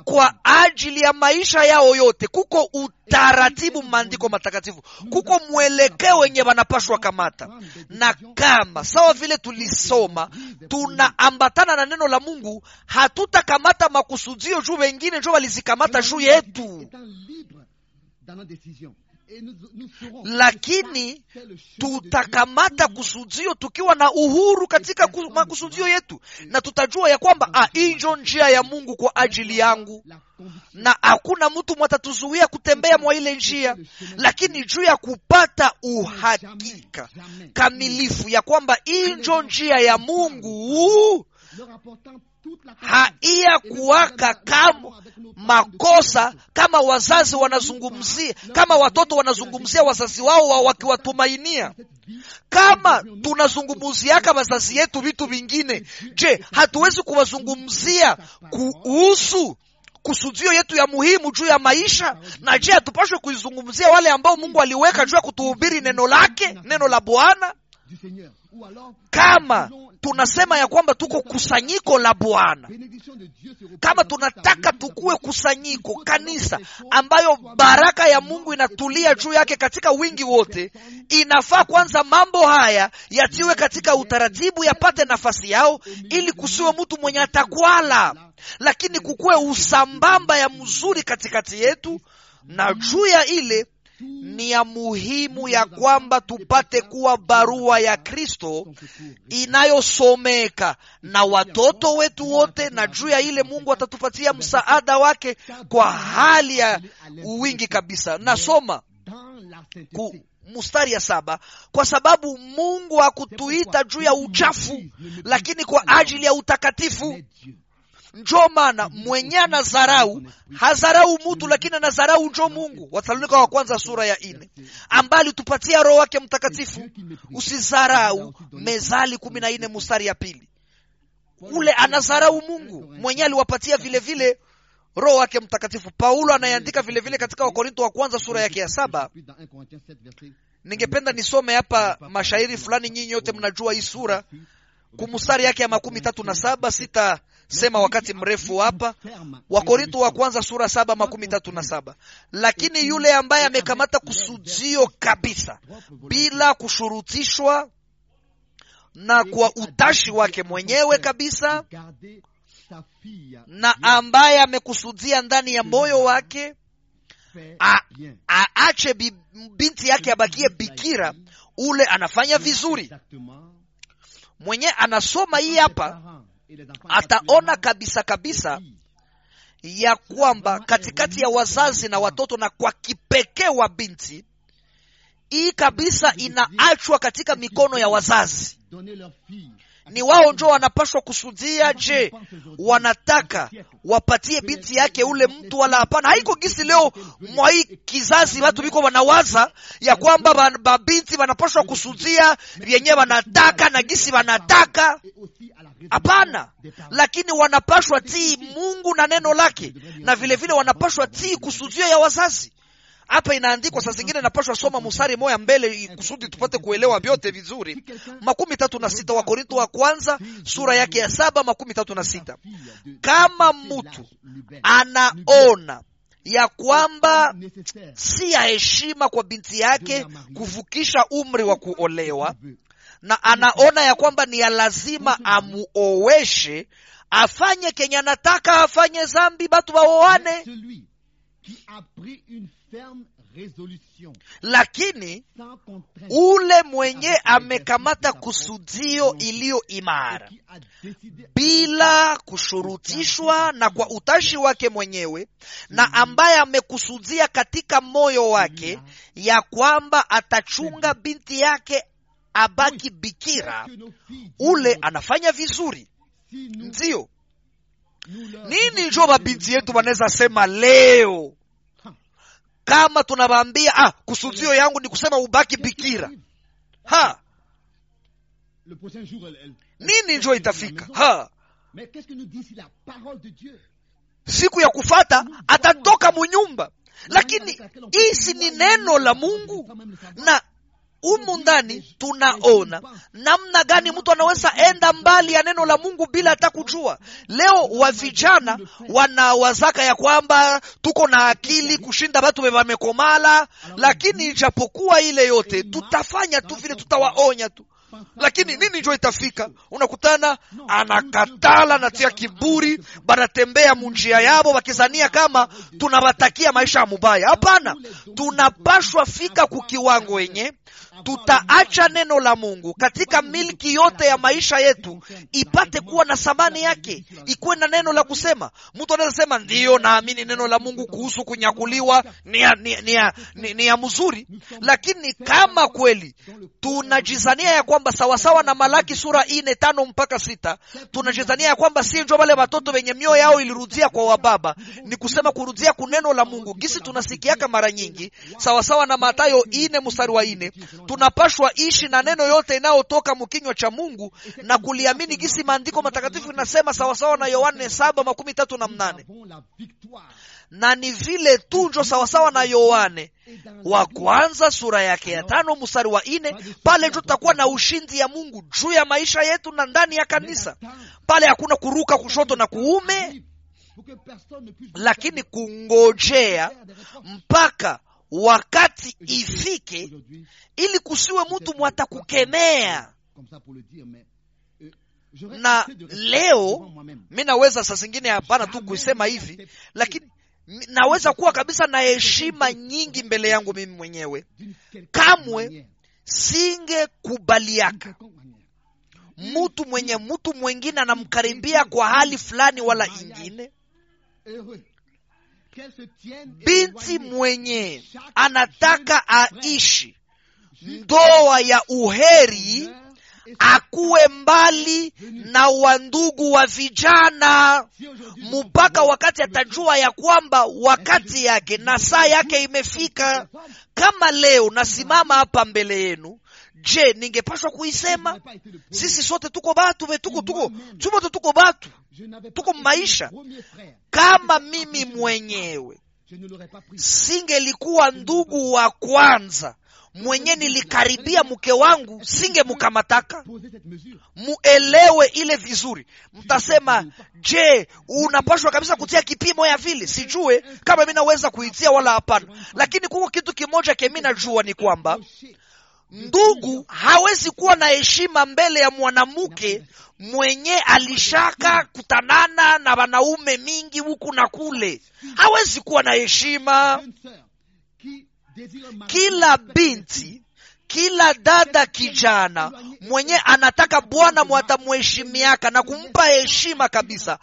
kwa ajili ya maisha yao yote. Kuko utaratibu maandiko matakatifu, kuko mwelekeo wenye wanapashwa kamata, na kama sawa vile tulisoma, tunaambatana na neno la Mungu, hatutakamata makusudio juu wengine juu walizikamata juu yetu lakini tutakamata kusudio tukiwa na uhuru katika makusudio yetu, na tutajua ya kwamba ah, injo njia ya Mungu kwa ajili yangu, na hakuna mtu mwatatuzuia kutembea mwa ile njia, lakini juu ya kupata uhakika kamilifu ya kwamba injo njia ya Mungu kuwaka kama makosa, kama wazazi wanazungumzia, kama watoto wanazungumzia wazazi wao wa wakiwatumainia. Kama tunazungumziaka wazazi yetu vitu vingine, je, hatuwezi kuwazungumzia kuhusu kusudio yetu ya muhimu juu ya maisha? Na je, hatupashwe kuizungumzia wale ambao Mungu aliweka juu ya kutuhubiri neno lake, neno la Bwana? Kama tunasema ya kwamba tuko kusanyiko la Bwana, kama tunataka tukuwe kusanyiko kanisa ambayo baraka ya Mungu inatulia juu yake katika wingi wote, inafaa kwanza mambo haya yatiwe katika utaratibu, yapate nafasi yao, ili kusiwe mtu mwenye atakwala, lakini kukuwe usambamba ya mzuri katikati yetu na juu ya ile ni ya muhimu ya kwamba tupate kuwa barua ya Kristo inayosomeka na watoto wetu wote, na juu ya ile Mungu atatupatia msaada wake kwa hali ya wingi kabisa. Nasoma ku mustari ya saba kwa sababu Mungu hakutuita juu ya uchafu, lakini kwa ajili ya utakatifu njo maana mwenye anadharau hazarau mutu, lakini anadharau njo Mungu. Wathalonika wa kwanza sura ya ine, ambali tupatia roho wake Mtakatifu. Usidharau Mezali kumi na ine mustari ya pili. Ule anazarau Mungu mwenye aliwapatia vile vile roho wake Mtakatifu. Paulo anayeandika vile vile katika Wakorinto wa kwanza sura yake ya saba. Ningependa nisome hapa mashairi fulani, nyinyi yote mnajua hii sura kumustari yake ya makumi tatu na saba sita sema wakati mrefu hapa, Wakorinto wa kwanza sura saba makumi tatu na saba. Lakini yule ambaye amekamata kusudio kabisa bila kushurutishwa na kwa utashi wake mwenyewe kabisa, na ambaye amekusudia ndani ya moyo wake aache binti yake abakie bikira, ule anafanya vizuri. Mwenye anasoma hii hapa ataona kabisa kabisa ya kwamba katikati ya wazazi na watoto na kwa kipekee wa binti hii kabisa inaachwa katika mikono ya wazazi ni wao ndio wanapaswa kusudia. Je, wanataka wapatie binti yake ule mtu wala hapana? Haiko gisi leo mwa kizazi watu biko wanawaza ya kwamba babinti wanapaswa kusudia vyenye wanataka na gisi wanataka hapana, lakini wanapashwa tii Mungu na neno lake, na vilevile vile wanapashwa tii kusudia ya wazazi hapa inaandikwa saa zingine napashwa soma musari moya mbele kusudi tupate kuelewa vyote vizuri. makumi tatu na sita Wakorinto wa kwanza sura yake ya saba makumi tatu na sita Kama mtu anaona ya kwamba si ya heshima kwa binti yake kuvukisha umri wa kuolewa, na anaona ya kwamba ni ya lazima amuoweshe, afanye kenye anataka, afanye zambi, batu waoane lakini ule mwenye amekamata kusudio iliyo imara bila kushurutishwa na kwa utashi wake mwenyewe, na mm-hmm. ambaye amekusudia katika moyo wake mm-hmm. ya kwamba atachunga mm-hmm. binti yake abaki bikira, ule anafanya vizuri, ndiyo nini njo mabinti yetu wanaweza sema leo kama tunawaambia ah, kusudio yangu ni kusema ubaki bikira ha nini njo itafika ha siku ya kufata atatoka munyumba, lakini isi ni neno la Mungu na umu ndani tunaona namna gani mtu anaweza enda mbali ya neno la Mungu bila hata kujua. Leo wavijana wanawazaka ya kwamba tuko na akili kushinda batu wamekomala, lakini ijapokuwa ile yote tutafanya tu vile, tutawaonya tu lakini nini njo itafika? Unakutana anakatala natia kiburi, banatembea munjia yabo wakizania kama tunawatakia maisha ya mubaya. Hapana, tunapashwa fika kukiwango yenye tutaacha neno la Mungu katika milki yote ya maisha yetu ipate kuwa na thamani yake, ikuwe na neno la kusema. Mtu anaweza sema ndiyo, naamini neno la Mungu kuhusu kunyakuliwa ni ya, ni, ni ya, ni, ni ya mzuri, lakini kama kweli tunajizania ya kwamba sawasawa na Malaki sura ine tano mpaka sita tunajizania ya kwamba si njo wale watoto wenye mioyo yao ilirudia kwa wababa, ni kusema kurudia kuneno la Mungu gisi tunasikiaka mara nyingi, sawasawa na Matayo ine mstari wa ine tunapashwa ishi na neno yote inayotoka mkinywa cha mungu na kuliamini gisi maandiko matakatifu inasema sawasawa na yohane saba makumi tatu na mnane na ni vile tu njo sawasawa na yohane wa kwanza sura yake ya tano mstari wa ine pale njo tutakuwa na ushindi ya mungu juu ya maisha yetu na ndani ya kanisa pale hakuna kuruka kushoto na kuume lakini kungojea mpaka wakati ifike, ili kusiwe mtu kukemea euh, na leo mi naweza saa zingine hapana tu ah, kuisema hivi, lakini naweza kuwa kabisa na heshima nyingi mbele yangu mimi mwenyewe. Kamwe singekubaliaka mtu mwenye mtu mwingine anamkaribia kwa hali fulani wala ingine eh binti mwenye anataka aishi ndoa ya uheri akuwe mbali na wandugu wa vijana mpaka wakati atajua ya kwamba wakati yake na saa yake imefika. Kama leo nasimama hapa mbele yenu Je, ningepashwa kuisema? Sisi sote tuko batu ve tuko tuko tuko batu tuko maisha. Kama mimi mwenyewe singelikuwa ndugu wa kwanza mwenye nilikaribia mke wangu, singemukamataka. Muelewe ile vizuri. Mtasema, je, unapashwa kabisa kutia kipimo ya vile? Sijue kama mi naweza kuitia wala hapana, lakini kuko kitu kimoja kemi najua ni kwamba Ndugu hawezi kuwa na heshima mbele ya mwanamke mwenye alishaka kutanana na wanaume mingi huku na kule, hawezi kuwa na heshima. Kila binti kila dada kijana mwenye anataka Bwana mwatamheshimiaka na kumpa heshima kabisa,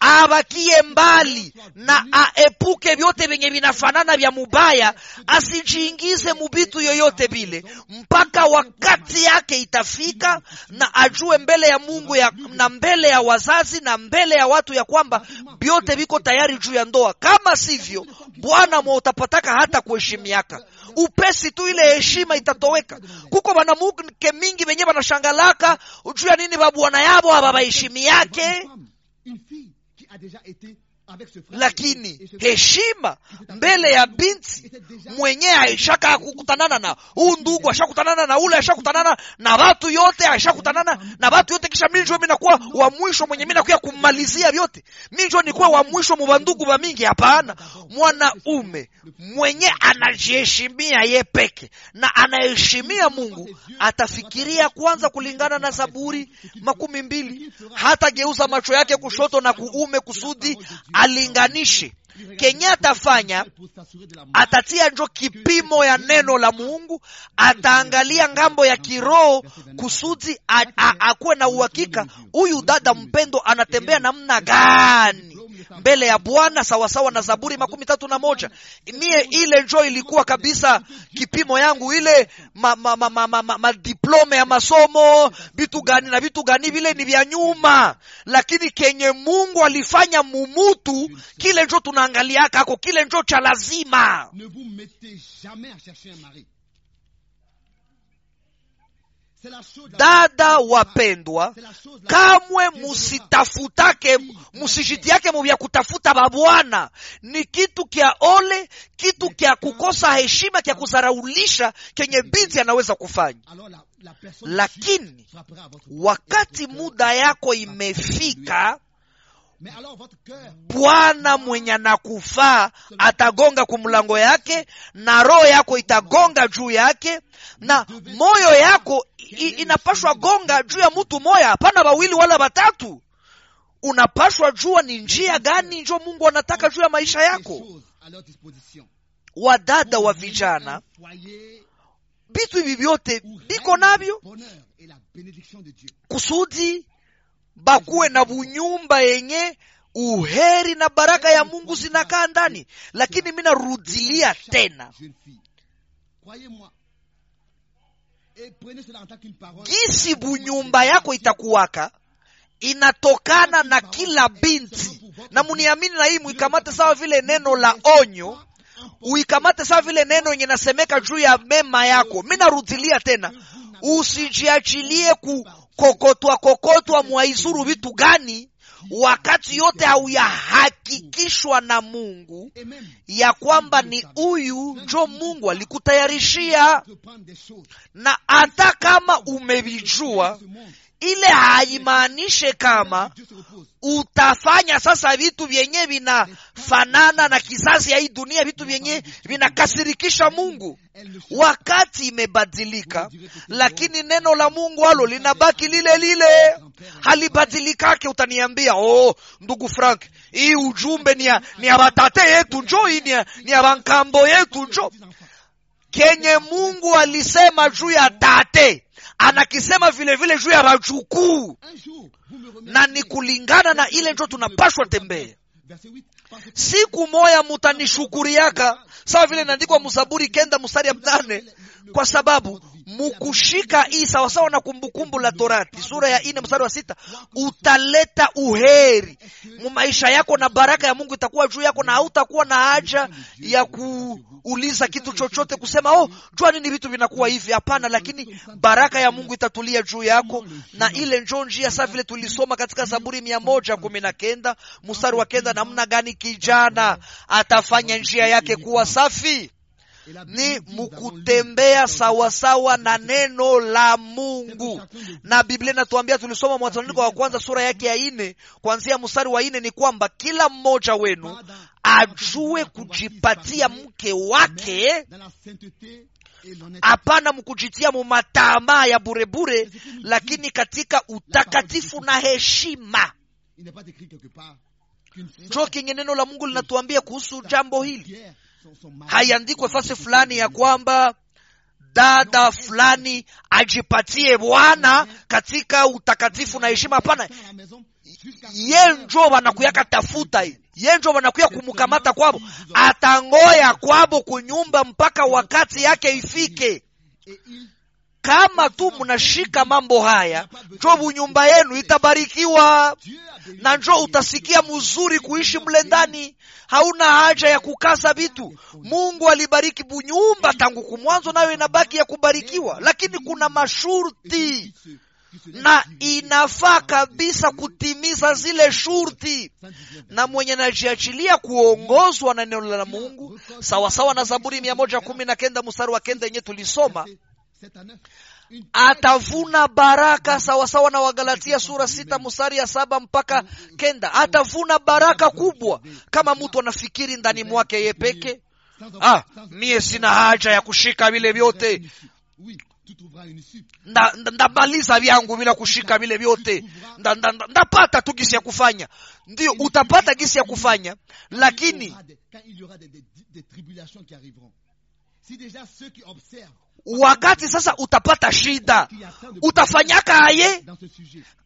abakie mbali na aepuke vyote vyenye vinafanana vya mubaya, asijiingize mubitu yoyote vile, mpaka wakati yake itafika, na ajue mbele ya Mungu ya, na mbele ya wazazi na mbele ya watu ya kwamba vyote viko tayari juu ya ndoa. Kama sivyo, Bwana mwa hata kuheshimiaka upesi tu ile heshima itatoweka kuko vanamuke mingi venye vanashangalaka juu ya nini vabuana yavo havavaheshimi yake lakini heshima mbele ya binti mwenyee aishaka kukutanana na huu ndugu ashakutanana na ule ashakutanana na watu yote ashakutanana na watu yote kisha mi njo minakuwa wa mwisho mwenye minakuya kumalizia vyote mi njo nikuwa wa mwisho muvandugu va mingi hapana mwanaume mwenye anajiheshimia ye peke na anaheshimia mungu atafikiria kwanza kulingana na zaburi makumi mbili geuza macho yake kushoto na kuume kusudi alinganishi kenye atafanya atatia njo kipimo ya neno la muungu ataangalia ngambo ya kiroho kusudi akuwe na uhakika huyu dada mpendo anatembea namna gani mbele ya Bwana sawasawa na Zaburi makumi tatu na moja. Mie ile njo ilikuwa kabisa kipimo yangu, ile madiplome ma, ma, ma, ma, ma, ya masomo vitu gani na vitu gani, vile ni vya nyuma, lakini kenye Mungu alifanya mumutu, kile njo tunaangaliaka ako, kile njo cha lazima. Dada wapendwa, kamwe musitafutake, musijitiake muvya kutafuta babwana. Ni kitu kya ole, kitu kya kukosa heshima, kya kuzaraulisha, kenye binti anaweza kufanya. Lakini wakati muda yako imefika Bwana mwenye anakufaa atagonga kumlango yake na roho yako itagonga juu yake na moyo yako inapashwa gonga juu ya mtu moya, hapana wawili wala watatu. Unapashwa jua ni njia gani njo Mungu anataka juu ya maisha yako. Wadada wa vijana, vitu hivi vyote biko navyo kusudi bakuwe na vunyumba yenye uheri na baraka ya Mungu zinakaa ndani. Lakini mi narudilia tena gisi bunyumba yako itakuwaka inatokana na kila binti, na muniamini na hii muikamate sawa vile neno la onyo, uikamate sawa vile neno yenye nasemeka juu ya mema yako. Mi narudilia tena, usijiachilie ku kokotwa kokotwa mwaizuru vitu gani wakati yote hauyahakikishwa na Mungu ya kwamba ni huyu njo Mungu alikutayarishia, na hata kama umevijua ile haimaanishe kama utafanya sasa vitu vyenye vinafanana na kizazi ya hii dunia, vitu vyenye vinakasirikisha Mungu. Wakati imebadilika, lakini neno la Mungu alo linabaki lile lile, halibadilikake. Utaniambia, oh ndugu Frank, hii ujumbe ni ya yetu njo, hii ni ya yetu njo, kenye Mungu alisema juu ya tate anakisema vile vile juu ya rajukuu, na ni kulingana na ile njo tunapashwa tembea siku moya mutanishukuriaka sawa vile inaandikwa muzaburi kenda mstari ya mnane kwa sababu mukushika hii sawasawa na kumbukumbu la torati sura ya ine mstari wa sita utaleta uheri mumaisha yako na baraka ya mungu itakuwa juu yako na hautakuwa na haja ya kuuliza kitu chochote kusema oh jua nini vitu vinakuwa hivi hapana lakini baraka ya mungu itatulia juu yako na ile njo njia saa vile tulisoma katika zaburi mia moja kumi na kenda mstari wa kenda namna gani kijana atafanya njia yake kuwa safi ni mukutembea sawasawa na neno la Mungu. Na Biblia inatuambia, tulisoma Mwatanoliko wa kwanza sura yake ya ine kuanzia mstari wa ine, ni kwamba kila mmoja wenu ajue kujipatia mke wake, hapana mkujitia mumatamaa ya burebure, lakini katika utakatifu na heshima Njoo kenye neno la Mungu linatuambia kuhusu jambo hili. Haiandikwe fasi fulani ya kwamba dada fulani ajipatie Bwana katika utakatifu na heshima. Hapana, ye njo wanakuyaka tafuta, ye njo wanakuya kumkamata kwabo, atangoya kwabo kunyumba mpaka wakati yake ifike e, e, kama tu mnashika mambo haya, njo nyumba yenu itabarikiwa, na njo utasikia mzuri kuishi mle ndani. Hauna haja ya kukasa vitu. Mungu alibariki bunyumba tangu kumwanzo, nayo inabaki ya kubarikiwa, lakini kuna mashurti na inafaa kabisa kutimiza zile shurti, na mwenye najiachilia kuongozwa na neno la Mungu sawasawa na Zaburi mia moja kumi na kenda mstari wa kenda yenye tulisoma atavuna baraka sawasawa na wagalatia sura sita musari ya saba mpaka kenda atavuna baraka kubwa kama mtu anafikiri ndani mwake ye peke ah, mie sina haja ya kushika vile vyote ndamaliza nda vyangu bila kushika vile vyote ndapata nda, nda tu gisi ya kufanya ndio utapata gisi ya kufanya lakini wakati sasa utapata shida, utafanyakaye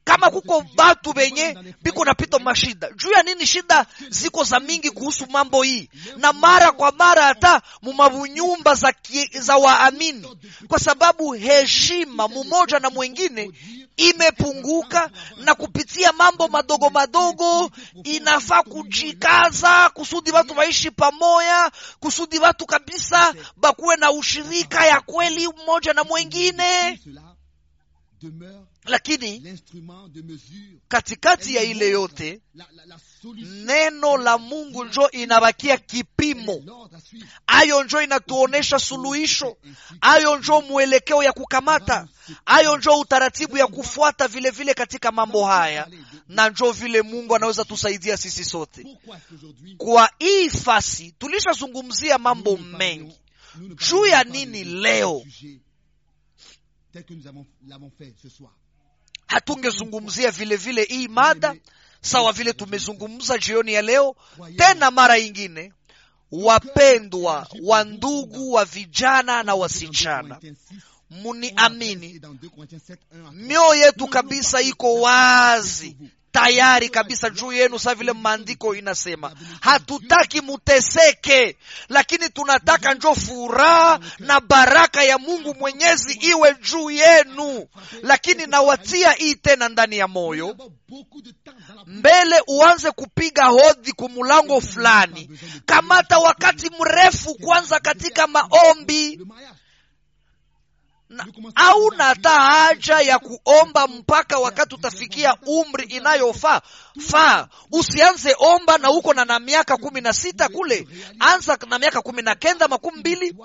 kama kuko batu benye biko napita mashida juu ya nini? Shida ziko za mingi kuhusu mambo hii, na mara kwa mara hata mumabunyumba za, za waamini, kwa sababu heshima mumoja na mwengine imepunguka, na kupitia mambo madogo madogo inafaa kujikaza kusudi watu waishi pamoya, kusudi watu kabisa bakuwe na ushirika ya kweli mmoja na mwengine lakini katikati ya ile yote neno la Mungu njo inabakia kipimo, ayo njo inatuonesha suluhisho, ayo njo mwelekeo ya kukamata, ayo njo utaratibu ya kufuata vilevile vile katika mambo haya, na njo vile Mungu anaweza tusaidia sisi sote. Kwa hii fasi tulishazungumzia mambo mengi juu ya nini leo hatungezungumzia vile vile hii mada sawa vile tumezungumza jioni ya leo tena mara ingine wapendwa wa ndugu wa vijana na wasichana muniamini mioyo yetu kabisa iko wazi tayari kabisa juu yenu, saa vile maandiko inasema, hatutaki muteseke, lakini tunataka njo furaha na baraka ya Mungu Mwenyezi iwe juu yenu. Lakini nawatia hii tena ndani ya moyo mbele, uanze kupiga hodhi kumulango fulani, kamata wakati mrefu kwanza katika maombi hauna ta haja ya kuomba mpaka wakati utafikia umri inayofaa faa. Usianze omba na uko na na miaka kumi na sita kule, anza na miaka kumi na kenda makumi mbili.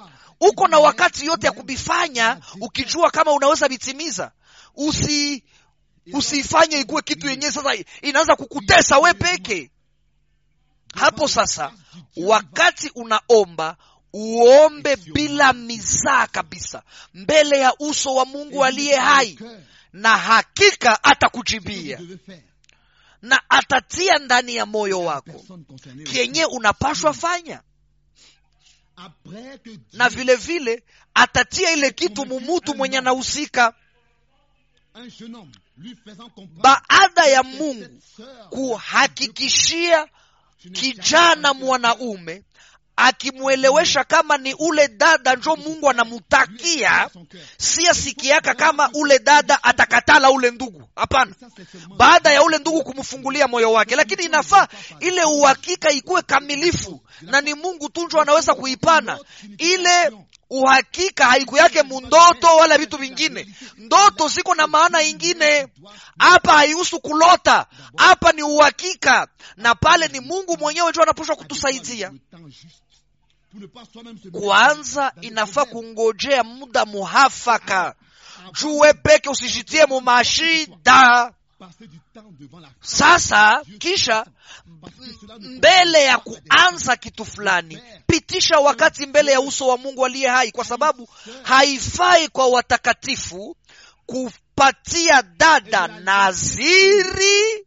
Uko na wakati yote ya kubifanya, ukijua kama unaweza vitimiza. Usi usifanye ikuwe kitu yenyewe sasa inaanza kukutesa we peke hapo. Sasa wakati unaomba uombe bila mizaa kabisa mbele ya uso wa mungu aliye hai na hakika atakujibia na atatia ndani ya moyo wako kenye unapashwa hmm. fanya na vile vile atatia ile kitu mumutu mwenye anahusika baada ya mungu kuhakikishia kijana mwanaume akimwelewesha kama ni ule dada njo Mungu anamutakia, si asikiaka kama ule dada atakatala ule ndugu. Hapana, baada ya ule ndugu kumfungulia moyo wake, lakini inafaa ile uhakika ikuwe kamilifu, na ni Mungu tu njo anaweza kuipana ile uhakika. Haiku yake mundoto wala vitu vingine. Ndoto ziko na maana ingine, hapa haihusu kulota, hapa ni uhakika, na pale ni Mungu mwenyewe njo anapaswa kutusaidia. Kwanza inafaa kungojea muda muhafaka, juwe peke, usijitie mumashida sasa. Kisha mbele ya kuanza kitu fulani, pitisha wakati mbele ya uso wa Mungu aliye hai, kwa sababu haifai kwa watakatifu kupatia dada naziri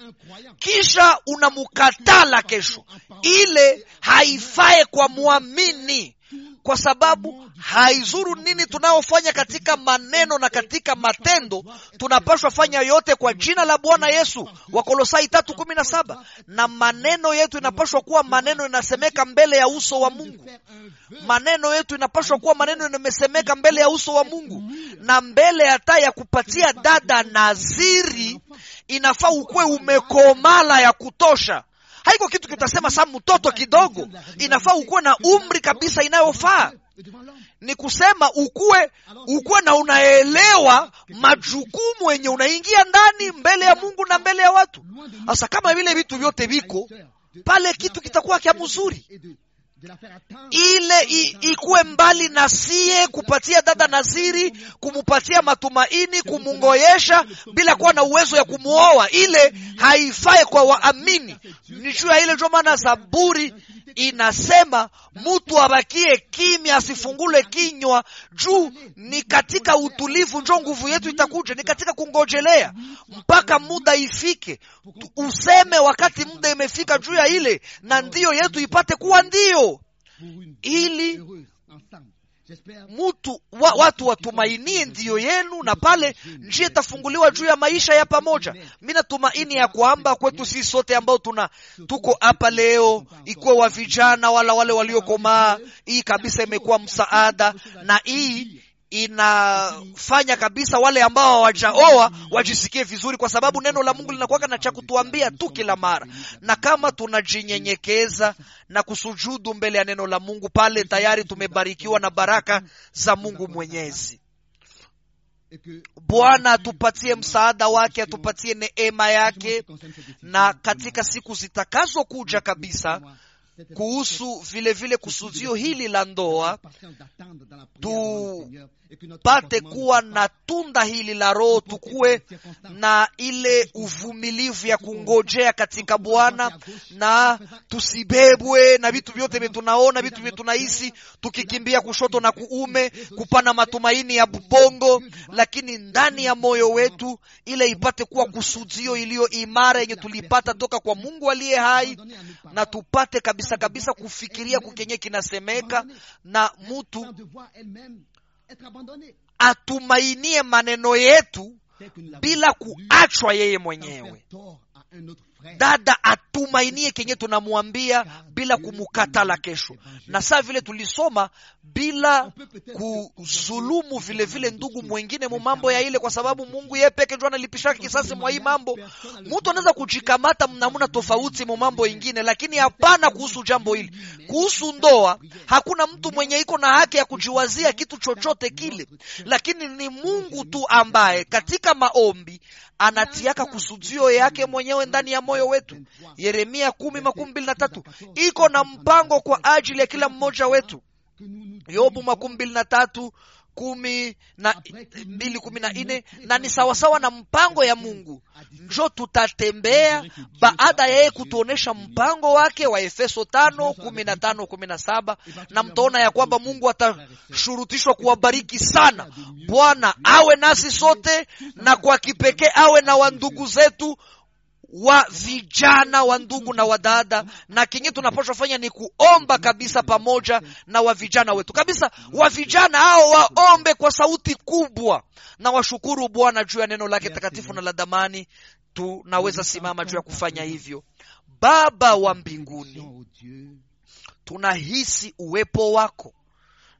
Mm-hmm. kisha unamukatala kesho, ile haifae kwa mwamini kwa sababu haizuru nini tunaofanya katika maneno na katika matendo. Tunapashwa fanya yote kwa jina la Bwana Yesu, kolosai tatu kumi na saba. Na maneno yetu inapashwa kuwa maneno inasemeka mbele ya uso wa Mungu. Maneno yetu inapashwa kuwa maneno inamesemeka mbele ya uso wa Mungu, na mbele hata ya kupatia dada naziri inafaa ukuwe umekomala ya kutosha haiko kitu kitasema sa mtoto kidogo inafaa ukuwe na umri kabisa inayofaa ni kusema ukuwe ukuwe na unaelewa majukumu wenye unaingia ndani mbele ya mungu na mbele ya watu hasa kama vile vitu vyote viko pale kitu kitakuwa kya mzuri ile ikuwe mbali na sie, kupatia dada Naziri, kumupatia matumaini, kumungoyesha bila kuwa na uwezo ya kumuoa ile haifai kwa waamini. Ni juu ya ile ndio maana Zaburi inasema mtu abakie kimya, asifungule kinywa juu. Ni katika utulivu njo nguvu yetu itakuja, ni katika kungojelea mpaka muda ifike useme wakati muda imefika juu ya ile na ndiyo yetu ipate kuwa ndiyo ili mutu wa, watu watumainie ndiyo yenu, na pale njia itafunguliwa juu ya maisha ya pamoja. Mi natumaini ya kwamba kwetu sisi sote ambao tuna tuko hapa leo, ikuwa wa vijana wala wale waliokomaa, hii kabisa imekuwa msaada, na hii inafanya kabisa wale ambao hawajaoa wajisikie vizuri, kwa sababu neno la Mungu linakuwaka na cha kutuambia tu kila mara, na kama tunajinyenyekeza na kusujudu mbele ya neno la Mungu, pale tayari tumebarikiwa na baraka za Mungu Mwenyezi. Bwana atupatie msaada wake, atupatie neema yake, na katika siku zitakazokuja kabisa kuhusu vile vile kusudio hili la ndoa, tu pate kuwa na tunda hili la Roho, tukuwe na ile uvumilivu ya kungojea katika Bwana, na tusibebwe na vitu vyote vye tunaona, vitu vye tunahisi, tukikimbia kushoto na kuume, kupana matumaini ya bongo, lakini ndani ya moyo wetu ile ipate kuwa kusudio iliyo imara yenye tulipata toka kwa Mungu aliye hai, na tupate kabisa kabisa kufikiria kukenye kinasemeka na mutu atumainie maneno yetu bila kuachwa yeye mwenyewe dada atumainie kenye tunamwambia bila kumukatala kesho, na saa vile tulisoma bila kuzulumu vilevile vile ndugu mwengine mu mambo ya ile, kwa sababu Mungu yeye peke ndio analipishaka kisasi mwa hii mambo. Mtu anaweza kujikamata mnamuna tofauti mu mambo ingine, lakini hapana kuhusu jambo hili, kuhusu ndoa. Hakuna mtu mwenye iko na haki ya kujiwazia kitu chochote kile, lakini ni Mungu tu ambaye katika maombi anatiaka kusudio yake mwenyewe ndani ya moyo wetu. Yeremia kumi makumi mbili na tatu iko na mpango kwa ajili ya kila mmoja wetu. Yobu makumi mbili na tatu kumi na mbili kumi na nne na ni sawasawa na mpango ya Mungu, njo tutatembea baada ya yeye kutuonesha mpango wake wa Efeso tano kumi na tano kumi na saba na mtaona ya kwamba Mungu atashurutishwa kuwabariki sana. Bwana awe nasi sote na kwa kipekee awe na wandugu zetu wa vijana wa ndugu na wadada, na tunapashwa fanya ni kuomba kabisa pamoja na wa vijana wetu kabisa. Wa vijana hao waombe kwa sauti kubwa na washukuru Bwana juu ya neno lake takatifu na la damani. Tunaweza simama juu ya kufanya hivyo. Baba wa mbinguni, tunahisi uwepo wako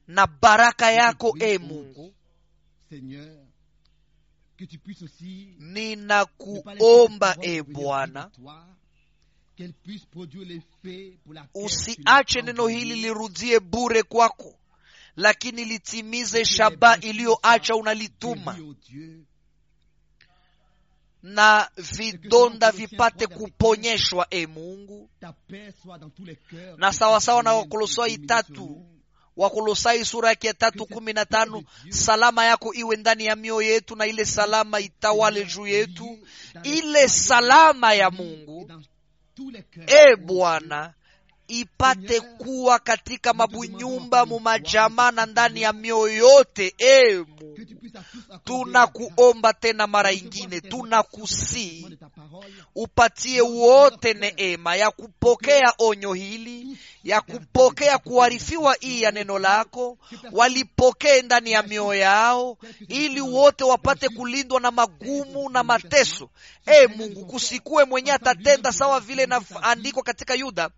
na baraka yako, e Mungu. Ninakuomba e Bwana, usiache neno hili lirudie bure kwako, lakini litimize shaba iliyoacha unalituma na vidonda vipate kuponyeshwa, e Mungu, na sawasawa na Wakolosai tatu Wakolosai sura yake ya tatu kumi na tano. Salama yako iwe ndani ya mioyo yetu na ile salama itawale juu yetu, ile salama ya Mungu e Bwana ipate kuwa katika mabunyumba mumajamaa na ndani ya mioyo yote. E Mungu, tunakuomba tena mara ingine, tunakusii upatie wote neema ya kupokea onyo hili ya kupokea kuarifiwa hii ya neno lako, walipokee ndani ya mioyo yao, ili wote wapate kulindwa na magumu na mateso. E Mungu, kusikue mwenye atatenda sawa vile inaandikwa katika Yuda,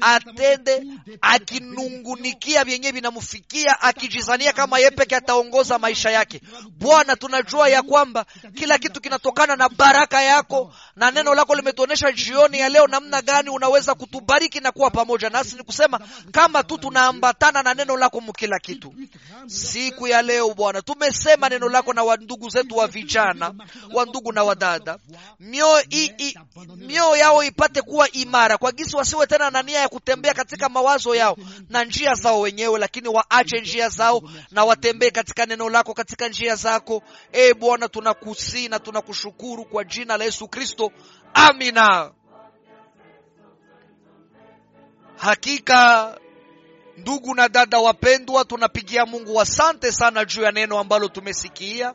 atende akinungunikia vyenye vinamfikia, akijizania kama ye peke ataongoza maisha yake. Bwana, tunajua ya kwamba kila kitu kinatokana na baraka yako, na neno lako limetuonyesha jioni ya leo namna gani unaweza kutubariki na kuwa pamoja nasi kusema kama tu tunaambatana na neno lako mkila kitu. Siku ya leo Bwana, tumesema neno lako na wandugu zetu wa vijana, wandugu na wadada, mioyo yao ipate kuwa imara, kwa gisi wasiwe tena na nia ya kutembea katika mawazo yao na njia zao wenyewe, lakini waache njia zao na watembee katika neno lako, katika njia zako. E Bwana, tunakusii na tunakushukuru kwa jina la Yesu Kristo, amina. Hakika ndugu na dada wapendwa, tunapigia Mungu asante sana juu ya neno ambalo tumesikia.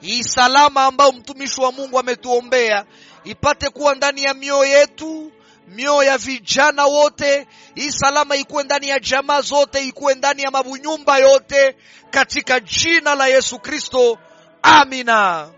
Hii salama ambayo mtumishi wa Mungu ametuombea ipate kuwa ndani ya mioyo yetu, mioyo ya vijana wote. Hii salama ikuwe ndani ya jamaa zote, ikuwe ndani ya mabunyumba yote, katika jina la Yesu Kristo, amina.